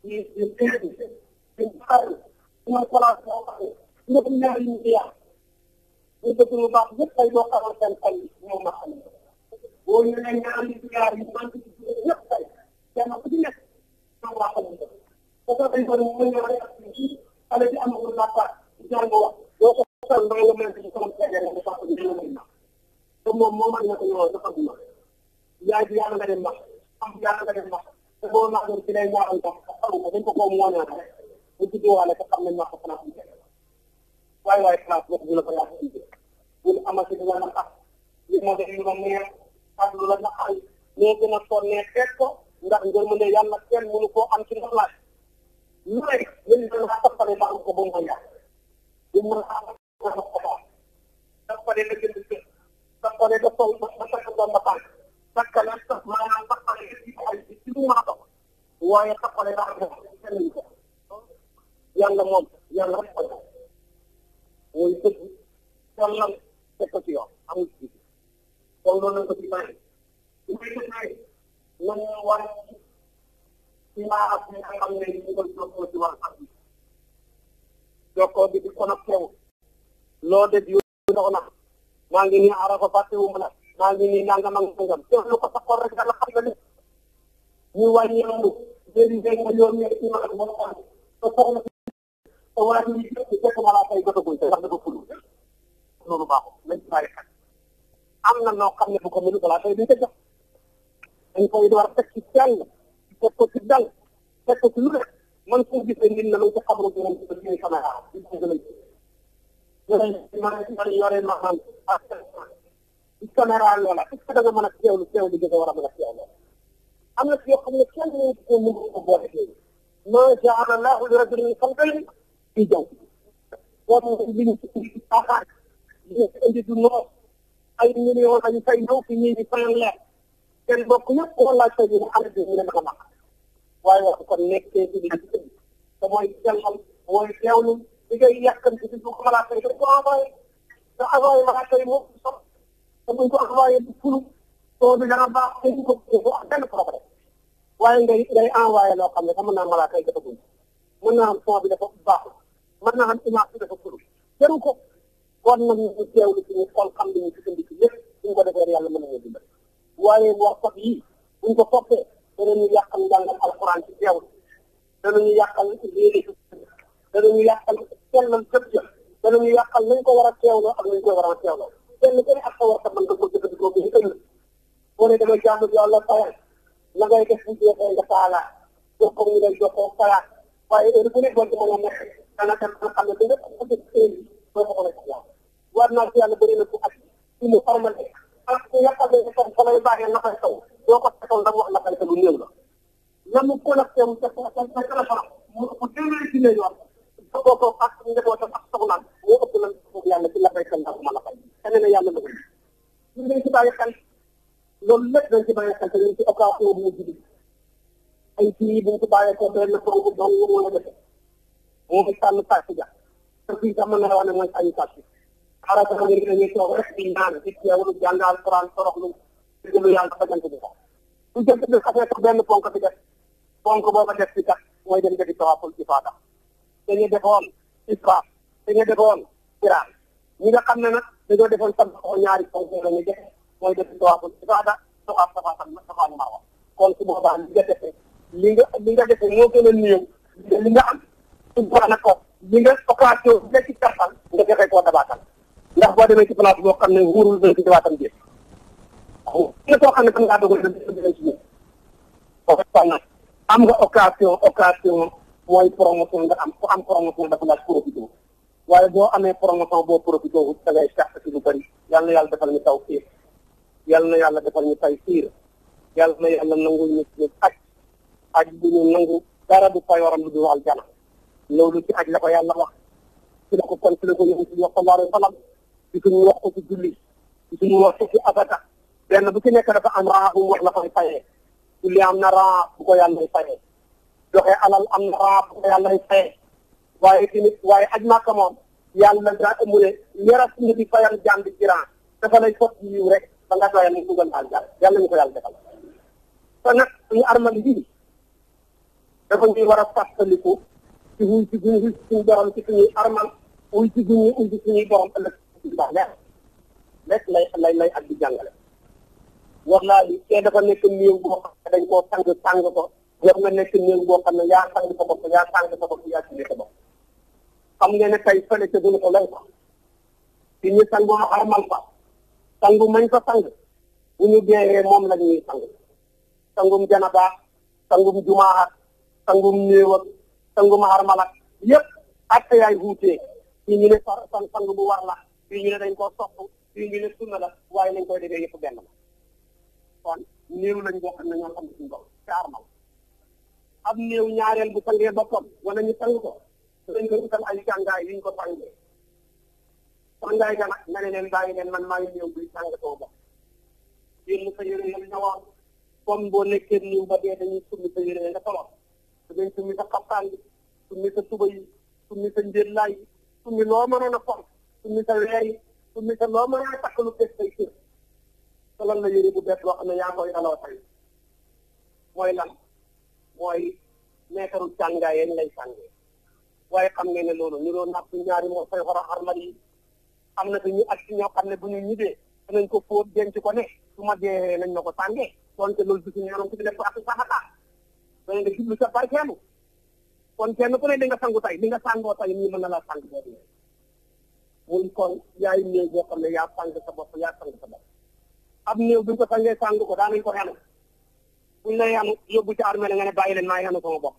A: ci ci ñu ko la ko ñu ko ñaari ñu ya ñu ko lu baax ñëpp ay do xamal seen xol boo ñëwee ñaari milliards yi man ñëpp tey kenn ku ci nekk ñoom waa xamuñ ko parce que dañ ko doon mën ñoo rek ak ci xale bi amagul làppaat ñaan nga wax boo ko xool maa ngi mel ni sama tegee ne dafa am ñeneen lañ nax te moom moo mën na ko ñëw dafa am nax yaay bi yàlla nga dem nax am bi yàlla nga dem nax te boo nax doon ci lay ñaaral nax xamu ko dañ ko koo mooñaan rek bu juddewaale te xam nañ nax ko xanaa waaye waaye xalaat boobu la ko yaatu bu amati dina nax ah li moo def lu ma neex ak lu la naqari ñoo gën a sonne xeet ko ndax ngërmande yàlla kenn mënu koo am ci ndox laaj lu ne ko a ko ba tappale la jënd kër tappale da sol ba ba takk doom ba tànk takk la sax maanaam tappale la ci ay ci ci maa ko loolu na ko ci bari bu may ko bàyyi man ñu war ci maa ak ñi nga xam ne ñu ngi koy jokkoo ci wàllu bi jokkoo bi di connecté wu loo def yooyu soxna maa ngi nii aara ko fàtte wu ma la maa ngi nii nangam ak nangam te lu ko saxoon rek yàlla xam na ni ñu wàññi loolu dérivé nga yoon ñëw ci maanaam moom xam te soxna si te waa ji ñu jëpp fekk ma laa koy jotagul te wax dafa fulu loolu baaxul nañ ci bàyyi xel am na noo xam ne bu ko mënu balaa tey duñ ko jox dañ koy war a teg ci sell teg ko ci dal ko ci lu rek man fu mu gisee na ma ko xamal ko moom ci biir sama yaram ci biir gën a yore ma ma yore ma man ak ci caméra loola est ce que da nga mën a teewlu teewlu jóge war a a na ci yoo xam ne kenn mënu ko li rajulin min qalbayni fi jawfihi boobu li ñu du noor ay millions lañu fay ñëw fi ñii di fayal leer seen mbokk yëpp koo laajte ñu ne arrêté ñu leen ko mag waaye wax kon nekkee ci biir kër di ngay yàkkam ci biir xalaat yi ko envoyé te envoyé ma tey moom sax te buñ ko envoyé di fulu soo bi baax te ñu ko bu am benn problème waaye ngay ngay envoyé loo xam ne te mën naa malaaka yi dafa gudd mën naa am son bi dafa baaxul mën naa am image bi ko kon nag ñu teewlu suñu xol xam li ñu ci sënd ci lépp suñ ko defee yàlla mën nañu dimbali waaye wax sax yii buñ ko toppee danañu yàqal njàngam alxuraan ci teewlu danañu yàqal léegi ci danañu yàqal sellal jëf jëf danañu yàqal nañ ko war a teewloo ak nañ koy war a teewloo kenn kenn ak sa war sa mën nga ko jëfandikoo bi ñu ëllëg boo ne dama jaamu yàlla sawal la ngay def bu jeexee nga taalaa jox ko ñu lay jox ko salaat waaye heure bu ne boo ci mën a nekk dana dem ba xam ne da nga ko jëf heure bi doo ko mën a war naa ci yàlla bëri na ku ak ci mu formal ak ci nga xam ne tam fa lay baaxee na fay taw doo ko taw ndax wax na fay te lu néew la na mu connecté wu te ko sa téléphone mu ëpp téeméeri ci lay yor boo ko ak njabootam ak soxnaam moo ëpp lan foofu yàlla ci la fay kan ndax ma la fay te nee na yàlla la bëri ñun dañ ci bàyyi xel loolu lépp dañ ci bàyyi xel te dañ ci occasion bu mu jigi ay fii bu ñu ko bàyyee ko benn song dong wala defe moo fi sànn sàcc ja te fii sax mën naa wax ne mooy sànni sàcc daanaka xam ngeen dañuy toog rek di ñaan di teewlu jàng alxuraan toroxlu déglu yàlla fajante bi ko bu jëkk bi xasee sax benn ponk bi def ponk boo ko def ci tax mooy dem defi tawaaful ifaada dañu defoon ifraat dañu defoon iraan ñi nga xam ne nag dañoo defoon tam ko ñaari ponk la ñu def mooy defi tawaaful ifaada tawaaf safa ak safa ak marwa kon su boobaa li nga defee li nga li nga defee moo gën a néew li nga am su boobaa nag ko li nga occasion bi nga ci taxal nga defee koo dabaatal ndax boo demee ci place boo xam ne wóorul dana ci jawaatam jéem waaw nga koo xam ne kan ngaa dogal dem ci ñoom am nga occasion occasion mooy promotion nga am ku am promotion dafa laaj profité waaye boo amee promotion boo profité wut da ngay sax ci lu bëri yal na yàlla defal ñu taw fiir yal na yàlla defal ñu tay fiir yal na yàlla nangu ñu ci aj aj bu ñu nangu dara du fayoram lu dul aljana loolu ci aj la ko yàlla wax ci la ko kon ci la ko yëngu ci wax sallallahu alayhi wa sallam ci suñu wax ko ci julli ci suñu wax ci abada benn bu ci nekk dafa am raa bu ko yàlla fayee joxe alal am na raa bu ko yàlla fayee waaye tamit waaye aj màkka moom yàlla daa amule ñeras nga di fayal jàmbi jiran dafa lay ko yàlla defal suñu armal bii dafa a fàttaliku ci wuy ci guñ wuy ci suñu borom daa leer rek lay lay lay ak di jàngale wax naa li kee dafa nekk néew boo xam ne dañ koo sang sang ko yow nga nekk néew boo xam ne yaa sang sa bopp yaa sang sa xam nga ne tey fële ca ko lay ko si ñu sangoo xarmal fa sang bu ñu deewee moom la ñuy sang sangum janaba sangum jumaaxa sangum néew ak sangum xarmal ak yépp atte yaay wuutee ñu ne sang bu war la fii ñu ne dañ koo sopp fii ñu waaye nañ koy defee yëpp benn la kon néew lañ boo nañ ne xam ne suñu bopp ab néew ñaareel bu sangee boppam wala ñu sang ko dañ ko utal ay sàngaay yi ko sangee sàngaay ga nag leen bàyyi ngi néew buy sàng soo bopp yéen sa yére yam ñawoon comme boo nekkee néew ba dee dañuy summi sa yére nga soloon summi sa xaftaan summi sa tuba summi sa njëllaay summi loo mënoon a fomp summita weer yi summita loo mën a takk lu fees say cër solal la yére bu bees loo xam ne yaa koy daloo tey mooy lan mooy meetaru càngaay yéen lay càngee waaye xam nga ne loolu ñu doon napp ñaari moo fay war a xarmal yi am na dañu ak si ñoo xam ne bu ñu ñibbee danañ ko fóot denc ko ne su ma dee nañ ma ko sàngee donte loolu gisuñu yoonam ku ci def saxata dañ nga jublu sa barkeelu kon kenn ku ne di nga sangu tey li nga sàngoo tey nii mën na la sang boobu wul kon yaay néew boo xam ne yaa sang sa bopp yaa sang sa bopp ab néew bi ñu ko sangee sang ko daanañ ko xenu buñ la xenu yóbbu ci armée la nga ne bàyyi leen maay xenu sama bopp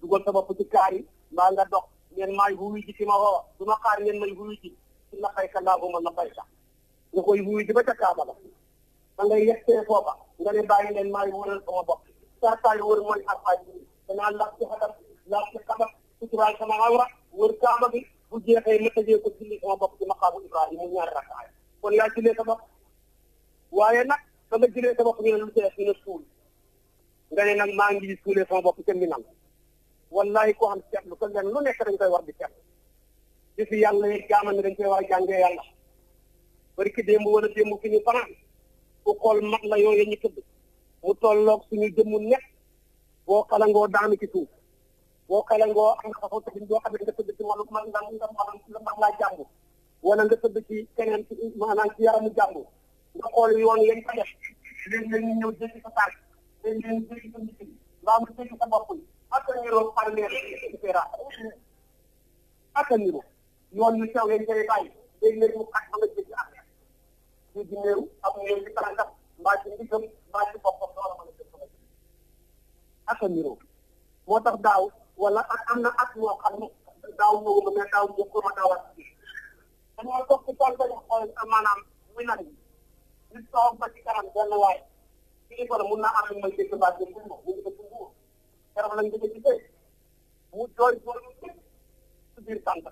A: dugal sa bopp ci kaar yi mbaa nga dox ngeen maay wuyu ji ci ma woo du ma xaar ngeen may wuyu ji ci laqayka laahumma laqayka nga koy wuyu ji ba ca kaaba ba ba nga yegtee foofa nga ne bàyyi leen maay wëral sama bopp saataay wër mooy arxaaj bi danaa laaj ci xatam laaj ci xatam suturaal sama awra wër kaaba bi bu jeexee ma tëjee ko julli sama bopp ci maqaamu Ibrahima mu ñaari rakkaay kon laa jëlee sa bopp waaye nag sama jëlee sa bopp ñu lu nga ne nag maa ngi suulee sama bopp kenn di nangu wallahi koo xam seetlu ko leen lu nekk dañ koy war bi seetlu di fi yàlla yi jaama ne dañ koy war jàngee yàlla bari ki démb wala démb fi ñu fanaan ku xool mat la yooyu ñu tëdd mu tolloog suñu jëmmu nekk boo xalangoo daanu ki suuf boo xale ngoo am nga façon tëddin boo xam ne nga tëdd ci wàllu nga nga man ci keneen ci maanaam ci nga xool yoon yañ ko def léegi la ñu ñëw jéggi sa tànk léegi la ñu sa mbisin mbaa mu jéggi sa bopp yi attaniro parmeer différa attaniro yoon yu sew yañ koy bàyyi léegi léegi mu xat ba nga jéggi a jël attaniro moo tax daaw wala ak am na at moo xam ne daaw ñëw na mais daaw ñëw ko ma daawaat bi dañoo toog ci tool ba ñu xool maanaam muy nag ñu toog ba ci kanam benn waay kilifa la mun naa am lu may dégg baat bi mu mu ngi dëkk Mbour keroog lañ dëgg ci tey mu jooy jooy ñu ci biir sant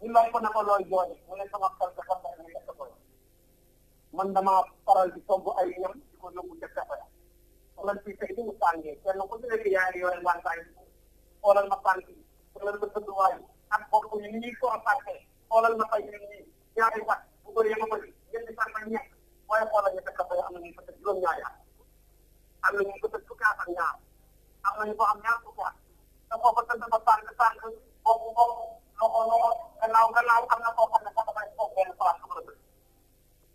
A: ñu laaj ko ne ko looy jooyee mu ne sama xol dafa mel ni nekk ko man damaa faral di togg ay ñam di ko nangu def dafa wala fii tey ni mu tàngee kenn ku ci nekk yaa ngi yore wantaay xoolal ma banque bi xoolal ma dëkkuwaay bi ak mbokk yi ni ñuy comporté xoolal ma fay ñun ñii ñaari wat bu bëree ma bëri ñetti fan ak ñett waaye xoolal ñu fekk bay am nañu fa tëj juróom-ñaari at am nañu fa tëj fukki at ak ñaar am nañu ko am ñaar fukki at te foofa tëdd ba sànq sànq boobu boobu loxo loxo gannaaw gannaaw am na koo xam ne sax dafay toog benn place sama dëkk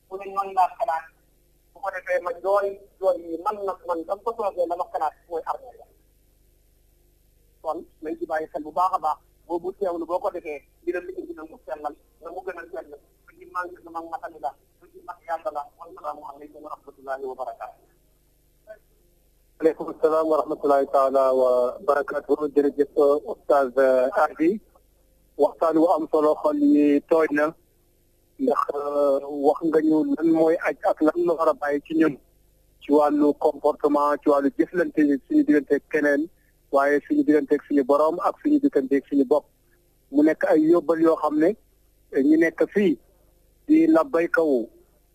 B: bu ne ñooñu laa
A: xalaat bu ko defee ma jooy jooy yi man nag man dama ko toogee dama xalaat mooy armoire kon nañ ci bàyyi xel bu baax a baax boobu teewlu boo ko defee dina na mu sellal na mu gën a sell su ci manqué sama matali la su ci mat yàlla wa rahmatullahi wa barakaatu aleykum salaam wa rahmatullahi taala wa barakaatu jërëjëf oustaz Ardi am solo xol yi tooy na ndax uh, wax nga ñu lan mooy aj ak lan la war a ci ñun ci wàllu comportement ci wàllu jëflante suñu diggante keneen waaye suñu digganteeg suñu boroom ak suñu digganteeg suñu bopp mu nekk ay yóbbal yoo xam ne ñu nekk fii di labbayka wu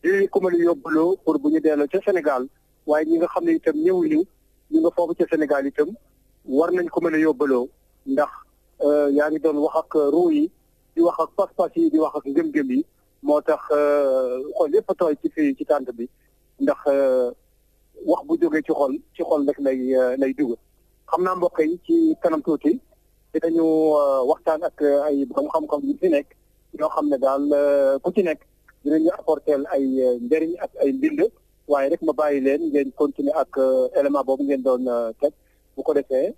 A: di kumali yóbbaloo pour bu ñu delloo ca Sénégal waaye ñi nga xam ne itam ñëwuñu ñu nga foofu ca Sénégal itam war nañ ko mën a yóbbaloo ndax euh, yaa ngi doon wax ak ruu yi di wax ak pas-pas yi di wax ak ngëm-ngëm yi moo tax euh, xol yëpp a tooy ci fii ci tànt bi ndax euh, wax bu jógee ci xol ci xol rek lay lay dugal xam naa mbokk yi ci kanam tuuti dinañu waxtaan ak ay borom xam-xam yu fi nekk ñoo xam ne daal ku ci nekk dinañu apporter ay njëriñ ak ay mbind waaye rek ma bàyyi leen ngeen continuer ak élément boobu ngeen doon teg bu ko defee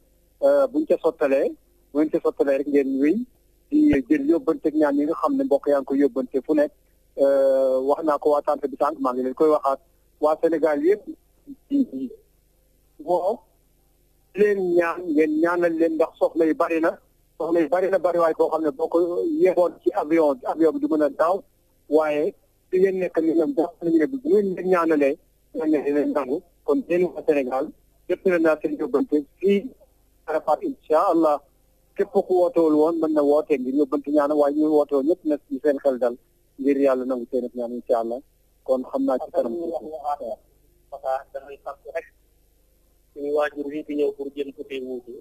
A: buñ ca sottalee buñ ca sottalee rek ngeen wéy di jël yóbbante ñaan ñi nga xam ne mbokk yaa ngi ko yóbbante fu nekk wax naa ko waa tànk bi sànq maa ngi leen koy waxaat waa Sénégal yëpp leen ñaan ngeen ñaanal leen ndax soxla yu bari na soxla yu bari na bariwaay boo xam ne boo ko yeboon ci avion avion bi du mën a daaw waaye su ngeen nekk ni ñoom jàpp nañu ne bu ngeen leen ñaanalee ngeen ne dinañ nangu kon yéen waa Sénégal yëpp na naa seen yóbbante fii Arafat incha allah képp ku wootewul woon mën na wootee ngir yóbbante ñaan waaye ñu woote woon ñëpp na ci seen xel dal ngir yàlla nangu seen ñaan incha allah kon xam naa ci kanam suñu waajur wi fi ñëw pour jëm ko fee wuutu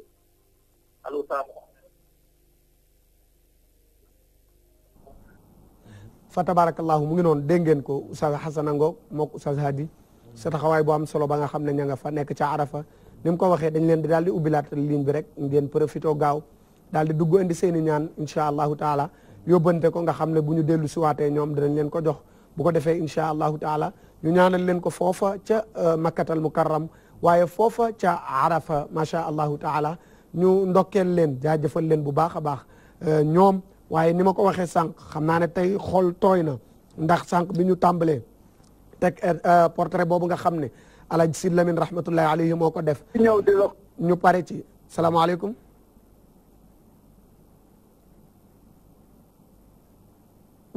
B: mu ngi noon dégg ngeen ko Oustaz Hassan Ngom mook Oustaz Hadi sa taxawaay bu am solo ba nga xam ne ña nga fa nekk ca Arafa ni ko waxee dañ leen di daal di ubbilaat ligne bi rek ngeen profité gaaw daal di dugg indi seen i ñaan incha allahu taala yóbbante ko nga xam ne bu ñu dellu siwaatee ñoom dinañ leen ko jox bu ko defee incha allahu taala ñu ñaanal leen ko foofa ca euh, makkatal mukarram waaye foofa ca arafa macha allahu taala ñu ndokkeel leen jaajëfal leen bu baax a baax euh, ñoom waaye ni ma ko waxee sànq xam naa ne tey xol tooy na ndax sànq bi ñu tàmbalee teg euh, portrait boobu nga xam ne alaaj Sid Lamine rahmatullahi alayhi moo ko def ñëw ñu pare ci salaamaaleykum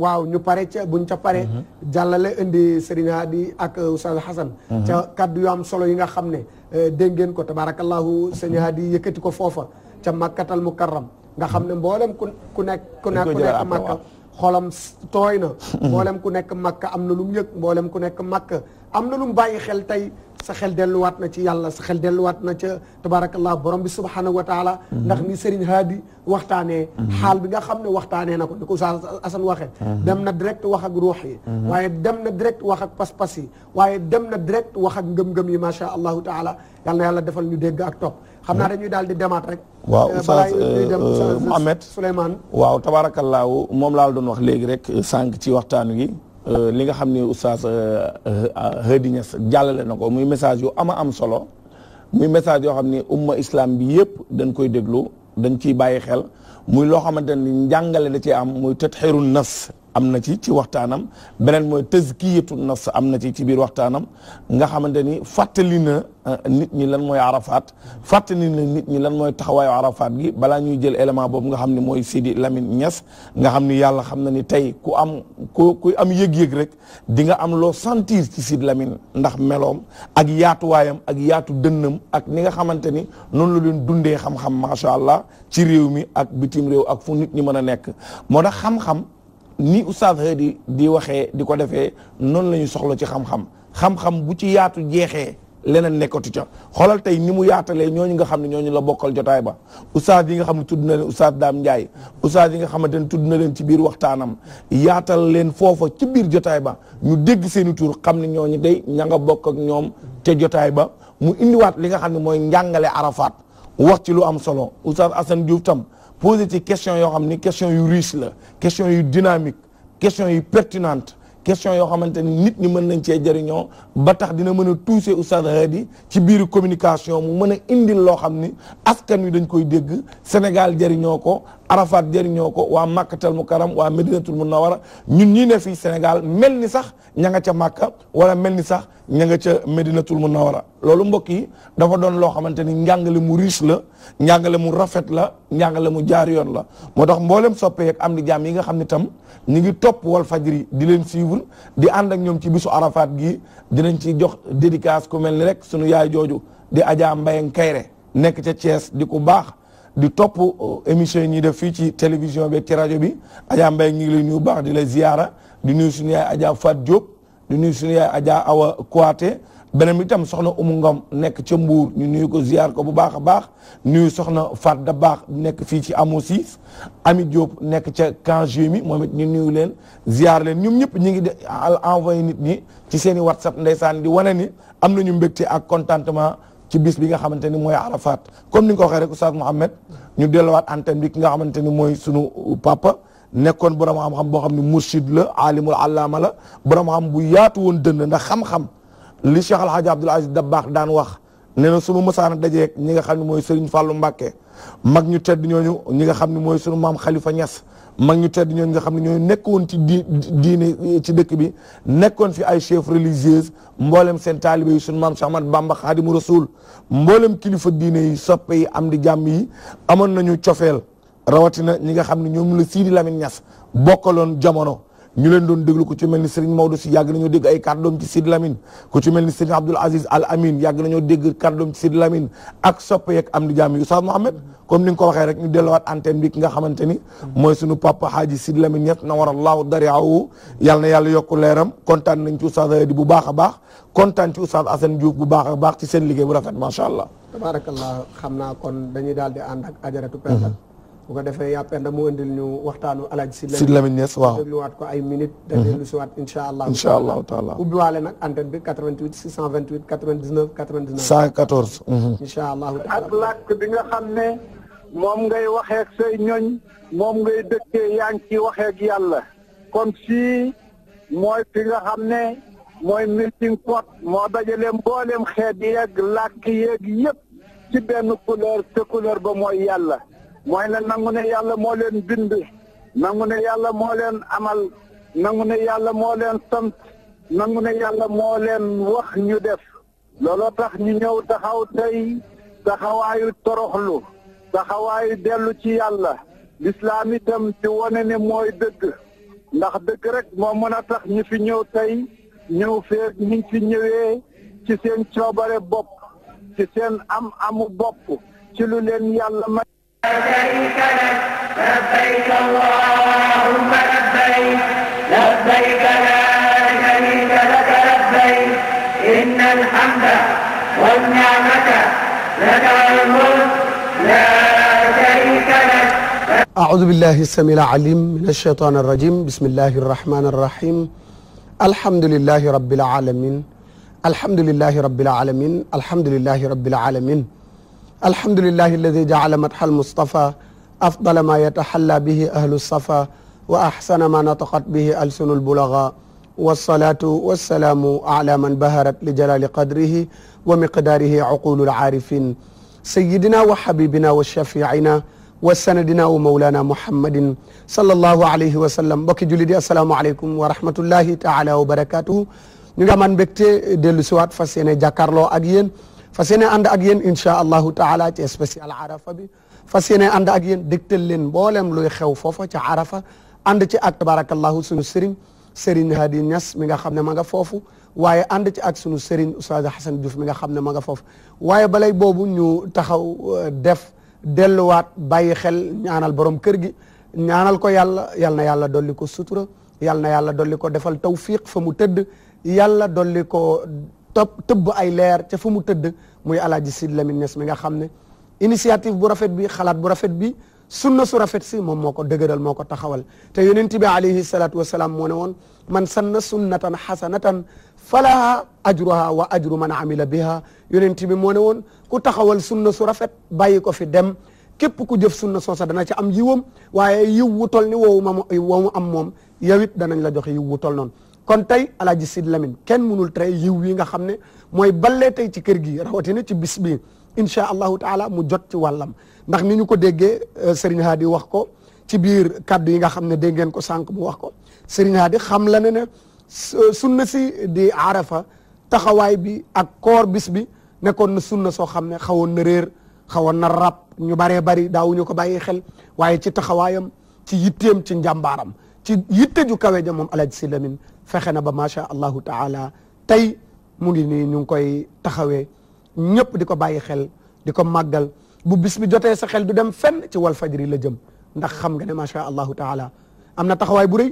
B: waaw ñu pare bu buñ ca pare mhm. jàllale indi Serigne Hadi ak Oustaz Hassan mhm. ca kaddu yu am solo yi nga xam ne eh, dégg ngeen ko tabarakallahu Serigne Hadi yëkkati ko foofa ca Makkatal Mukarram nga xam ne mboolem ku ku nekk ku nekk ku nekk Makka xolam tooy na mhm. mboolem ku nekk Makka am na lu mu yëg mboolem ku nekk Makka am na lu mu bàyyi xel tey sa xel delluwaat na ci yàlla sa xel delluwaat na ca tabaarakallah borom bi subhanahu wa taala mm-hmm. ndax ni Serigne Hadi waxtaanee mm-hmm. xaal bi nga xam ne waxtaanee na ko ni ko Oustaz asan waxee mm-hmm. dem na direct wax ak ruux yi waaye dem na direct wax ak pas-pas yi waaye dem na direct wax ak ngëm-ngëm yi macha allahu taala yal na yàlla defal ñu dégg ak topp xam naa dañuy daal di demaat rek waaw euh, Oustaz euh, Mouhamed Souleymane
C: waaw tabaarakallaahu moom laal doon wax léegi rek euh, sànq ci waxtaan wi Euh, li nga xam ni oustaz Hady euh, euh, Niass jàllale na ko muy message yu ama am solo muy message yoo xam ni umma islam bi yëpp dañ koy déglu dañ ciy bàyyi xel muy loo xamante ni njàngale da ci am muy tatxirun nas am na ci ci waxtaanam beneen mooy tëskiyatu nafs am na ci ci biir waxtaanam nga xamante ni fàttali na euh, nit ñi lan mooy arafaat fàttali na nit ñi lan mooy taxawaayu arafaat gi balaa ñuy jël élément boobu nga xam ne mooy Sidi lamin Niass nga xam ni yàlla xam na ni tey ku am ku kuy am yëg-yëg rek di nga am loo sentir ci Sidi Lamine ndax meloom ak yaatuwaayam ak yaatu dënnam ak ni nga xamante ni noonu la doon dundee xam-xam macha allah ci réew mi ak bitim réew ak fu nit ñi mën a nekk moo ni oustaz Hady di waxee di ko defee noonu la ñu soxla ci xam-xam xam-xam bu ci yaatu jeexee leneen nekkatu ca xoolal tey ni mu yaatalee ñooñu nga xam ne ñooñu la bokkal jotaay ba oustaz yi nga xam ne tudd na leen oustaz Dame Ndiaye yi nga xamante ne tudd leen ci biir waxtaanam yaatal leen foofa ci biir jotaay ba ñu dégg seen i tur xam ne ñooñu day ña nga bokk ak ñoom te jotaay ba mu indiwaat li nga xam ne mooy njàngale arafaat wax ci lu am solo oustaz Assane Diouf tam posé ci question yoo xam ni question yu riche la question yu dynamique question yu pertinente question yoo xamante ni nit ñi mën nañ cee jariñoo ba tax dina mën a toucher Oustaz Hady ci biir communication mu mën a indil loo xam ni askan wi dañ koy dégg Sénégal jariñoo ko Arafat jëriñoo ko waa mu Mukarram waa na Munawara ñun ñii ne fii Sénégal mel ni sax ña nga ca Makka wala mel ni sax ña nga ca Medinatul Munawara loolu mbokk yi dafa doon loo xamante ni njàngale mu riche la njàngale mu rafet la njàngale mu jaar yoon la moo tax mboolem soppee yeeg am di jàmm yi nga xam ne tam ñu ngi topp wal fajri di leen suivre di ànd ak ñoom ci bisu Arafat gi dinañ ci jox dédicace ku mel ni rek sunu yaay jooju di Adja Mbayang Kayre nekk ca Thiès di ku baax. di topp euh, émission yi ñuy def fii ci télévision beeg ci rajo bi Adja Mbaye ñu ngi lay nuyu baax di la ziyaara di nuyu suñu yaay Adja Fat Diop di nuyu suñu yaay Adja Awa Kouaté beneen bi itam soxna Umu Ngom nekk ca Mbuur ñu nuyu ko ziyaar ko bu baax a baax nuyu soxna Fat da baax nekk fii ci Amosis Ami Diop nekk ca Kanjumi moom ñu nuyu leen ziyaar leen ñoom ñëpp ñu ngi de envoyé nit ñi ci seeni i WhatsApp ndeysaan di wane ni am na nañu mbégte ak contentement ci bis bi nga xamante ni mooy Arafat comme ni nga ko waxee rek Oustaz Mouhamed ñu delluwaat antenne bi ki nga xamante ni mooy sunu papa nekkoon borom xam-xam boo xam ne mursid la alimul allaama la borom xam bu yaatu woon dënn ndax xam-xam li Cheikh El Hadj Abdoul Aziz Dabakh daan wax nee na sunu mësaan a dajeeg ñi nga xam ne mooy Serigne Fallou Mbacké mag ñu tedd ñooñu ñi nga xam ni mooy sunu maam Khalifa ñas mag ñu tedd ñooñu nga xam ne ñooy nekkoon ci di diine ci dëkk bi nekkoon fi ay chef religieuse mboolem seen taalibe yi sunu maam Cheikh Ahmad Bamba Xaadimu Rasul mboolem kilifa diine yi soppe yi am di jàmm yi amoon nañu cofeel rawatina ñi nga xam ne ñoom la Sidi Lamine Niass bokkaloon jamono. ñu leen doon déglu ku ci mel ni Serigne Maodo si yàgg nañoo dégg ay kàddoom ci Sid Lamine ku ci mel ni Serigne Abdoul Aziz Al Amin yàgg nañoo dégg kàddoom ci Sid Lamine ak soppe yeeg am di jaam yu Oustaz Mouhamed comme ni nga ko waxee rek ñu delluwaat antenne bi ki nga xamante ni mooy suñu papa Hadji Sid Lamine ñett na war allahu dariahu yàlla na yàlla yokku leeram kontaan nañ ci Oustaz di bu baax a baax kontaan ci Oustaz Assane Diouf bu baax a baax ci seen liggéey bu rafet macha allah
B: tabarakallah xam naa kon dañuy daal di ànd ak ajaratu bu ko defee yàppenda mu indil ñu waxtaanu alaaj si Lamine Niass waaw dégluwaat ko ay minutes te mhm. dellu si waat incha allah incha allahu taala ubbiwaale nag antenne bi 88 628 99 99
C: 114
A: incha allahu taala ak làkk bi nga xam ne moom ngay waxee ak say ñoñ moom ngay dëkkee yaa ngi ciy waxee ak yàlla kon fii mooy fi nga xam ne mooy melting pot moo dajale mbooleem xeet yeeg làkk yeeg yëpp ci benn yàlla mooy na nangu ne yàlla moo leen bind nangu ne yàlla moo leen amal nangu ne yàlla moo leen sant nangu ne yàlla moo leen wax ñu def looloo tax ñu ñëw taxaw tey taxawaayu toroxlu taxawaayu dellu ci yàlla lislaam itam ci wane ne mooy dëgg ndax dëgg rekk moo mën a tax ñu fi ñëw tey ñëw feeg ñu fi ñëwee ci seen coobare bopp ci seen am amu bopp ci lu leen yàlla may شريك لك لبيك اللهم لبيك لبيك لا شريك لك لبيك إن الحمد والنعمة
B: لك والملك لا شريك لك أعوذ بالله السميع العليم من الشيطان الرجيم بسم الله الرحمن الرحيم الحمد لله رب العالمين الحمد لله رب العالمين الحمد لله رب العالمين alhamdulillahi alladi jaala madxal mustafa afdala ma yataxalla bihi ahlu safa wa axsana ma nataqat bihi alsunu albulaga walsalatu walsalaamu ala man baharat li jalali qadrihi wa miqdaarihi uqulu alaarifin sayidina wa xabibina wa shafiina wa sanadina wa mawlana muhammadin sallallahu alayhi wa sallam mbokki julli di assalaamu aleykum wa rahmatullahi taala wa barakatuhu ñu ngi amaan mbégte dellu siwaat fas yéene jàkkaarloo ak yéen fas yéene ànd ak yéen incha allahu taala ci spécial arafa bi fa yéene ànd ak yéen dégtal leen mboolem luy xew foofa ca arafa ànd ci ak tabarakallahu sunu sëriñ sëriñ Hadi ñas mi nga xam ne ma nga foofu waaye ànd ci ak sunu sëriñ Oustaz Hassan Diouf mi nga xam ne ma nga foofu waaye balay boobu ñu taxaw euh, def delluwaat bàyyi xel ñaanal borom kër gi ñaanal ko yàlla yal na yàlla dolli ko sutura yal na yàlla dolli ko defal tawfiq fa mu tëdd yàlla dolli ko topp tëbb ay leer ca fu mu tëdd muy alaaji Sidy Lamine Niass mi nga xam ne initiative bu rafet bi xalaat bu rafet bi sunna su rafet si moom moo ko dëgëral moo ko taxawal te yonent bi alayhi salaatu wasalaam moo ne woon man sanna sunnatan xasanatan falaha ajruha wa ajru man amila biha yonent bi moo ne woon ku taxawal sunna su rafet bàyyi ko fi dem képp ku jëf sunna soosa dana ci am yiwam waaye yiw wu tol ni woowu ma woowu am moom yow it danañ la joxe yiw wu tol noonu kon tey alaaji Sid Lamine kenn mënul tere yiw yi nga xam ne mooy balle tey ci kër gi rawatina ci bis bi incha allahu taala mu jot ci wàllam ndax ni ñu ko déggee euh, Serigne Hadi wax ko ci biir kaddu yi nga xam ne dégg ngeen ko sànq mu wax ko Serigne Hadi xam la ne ne sunna si di arafa taxawaay bi ak koor bis bi nekkoon na sunna soo xam ne xawoon na réer xawoon na rab ñu baree bari daawuñu ko bàyyi xel waaye ci taxawaayam ci yitteem ci njàmbaaram ci yitte ju kawee ja moom Alaaji Si fexe na ba macha allahu taala tey mu ngi nii ñu ngi koy taxawee ñëpp di ko bàyyi xel di ko màggal bu bis bi jotee sa xel du dem fenn ci wal Walfajri la jëm ndax xam nga ne macha allahu taala am na taxawaay bu rëy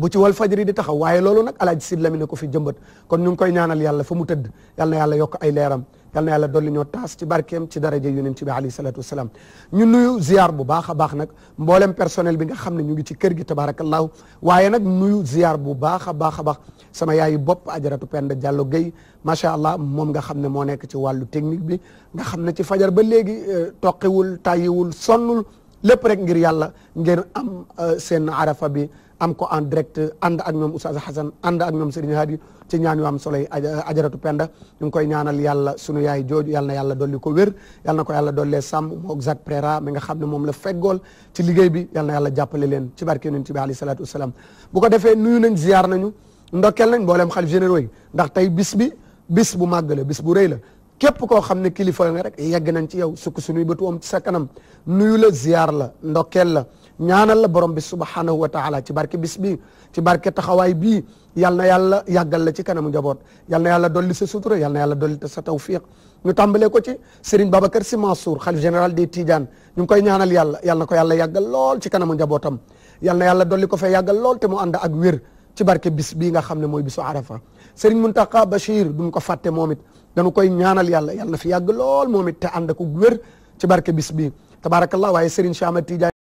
B: bu ci Walfajri di taxaw waaye loolu nag Alaaji Si Lamin ne ko fi jëmbat kon ñu ngi koy ñaanal yàlla fa mu tëdd yàlla na yàlla yokk ay leeram yal na yàlla dolli ñoo taas ci barkeem ci daraja yonent bi alayhi salaatu wasalaam ñu nuyu ziar bu baax a baax nag mboolem personnel bi nga xam ne ñu ngi ci kër gi tabaarakallaahu waaye nag nuyu ziar bu baax a baax a baax sama yaayu bopp ajaratu Penda Diallo Gueye macha allah moom nga xam ne moo nekk ci wàllu technique bi nga xam ne ci fajar ba léegi euh, toqiwul tàyyiwul sonnul lépp rek ngir yàlla ngeen am euh, seen arafa bi am ko en direct ànd ak ñoom Oustaz Hassan ànd ak ñoom Serigne Hadi ci ñaan yu am solo yi ajaratu Penda ñu ngi koy ñaanal yàlla sunu yaay jooju yàlla na yàlla dolli ko wér yàlla ko yàlla dollee sàmm moog Jacques Préra mi nga xam ne moom la feggool ci liggéey bi yàlla na yàlla jàppale leen ci barke yonent bi alayhi salaatu wasalaam bu ko defee nuyu nañ ziar nañu ndokkeel nañ mboolem xalif généraux yi ndax tey bis bi bis bu màgg la bis bu rëy la képp koo xam ne kilifa nga rek yegg nañ ci yow sukk suñuy bëtu ci sa kanam nuyu la ziar la ndokkeel la ñaanal la borom bi subhanahu wa taala ci barke bis bi ci barke taxawaay bi yal na yàlla yàggal la ci kanamu njaboot yal na yàlla dolli sa sutura yal na yàlla dolli sa tawfiq ñu tàmbalee ko ci Serigne Babacar Sy Mansour xalif général des tiijan ñu ngi koy ñaanal yàlla yal na ko yàlla yàggal lool ci kanamu njabootam yal na yàlla dolli ko fee yàggal lool te mu ànd ak wér ci barke bis bii nga xam ne mooy bisu Arafa Serigne Mountakha Bachir duñ ko fàtte moom it dañu koy ñaanal yàlla yal na fi yàgg lool moom it te ànd ak wér ci barke bis bii tabarakallah waaye Serigne Chama Tidiane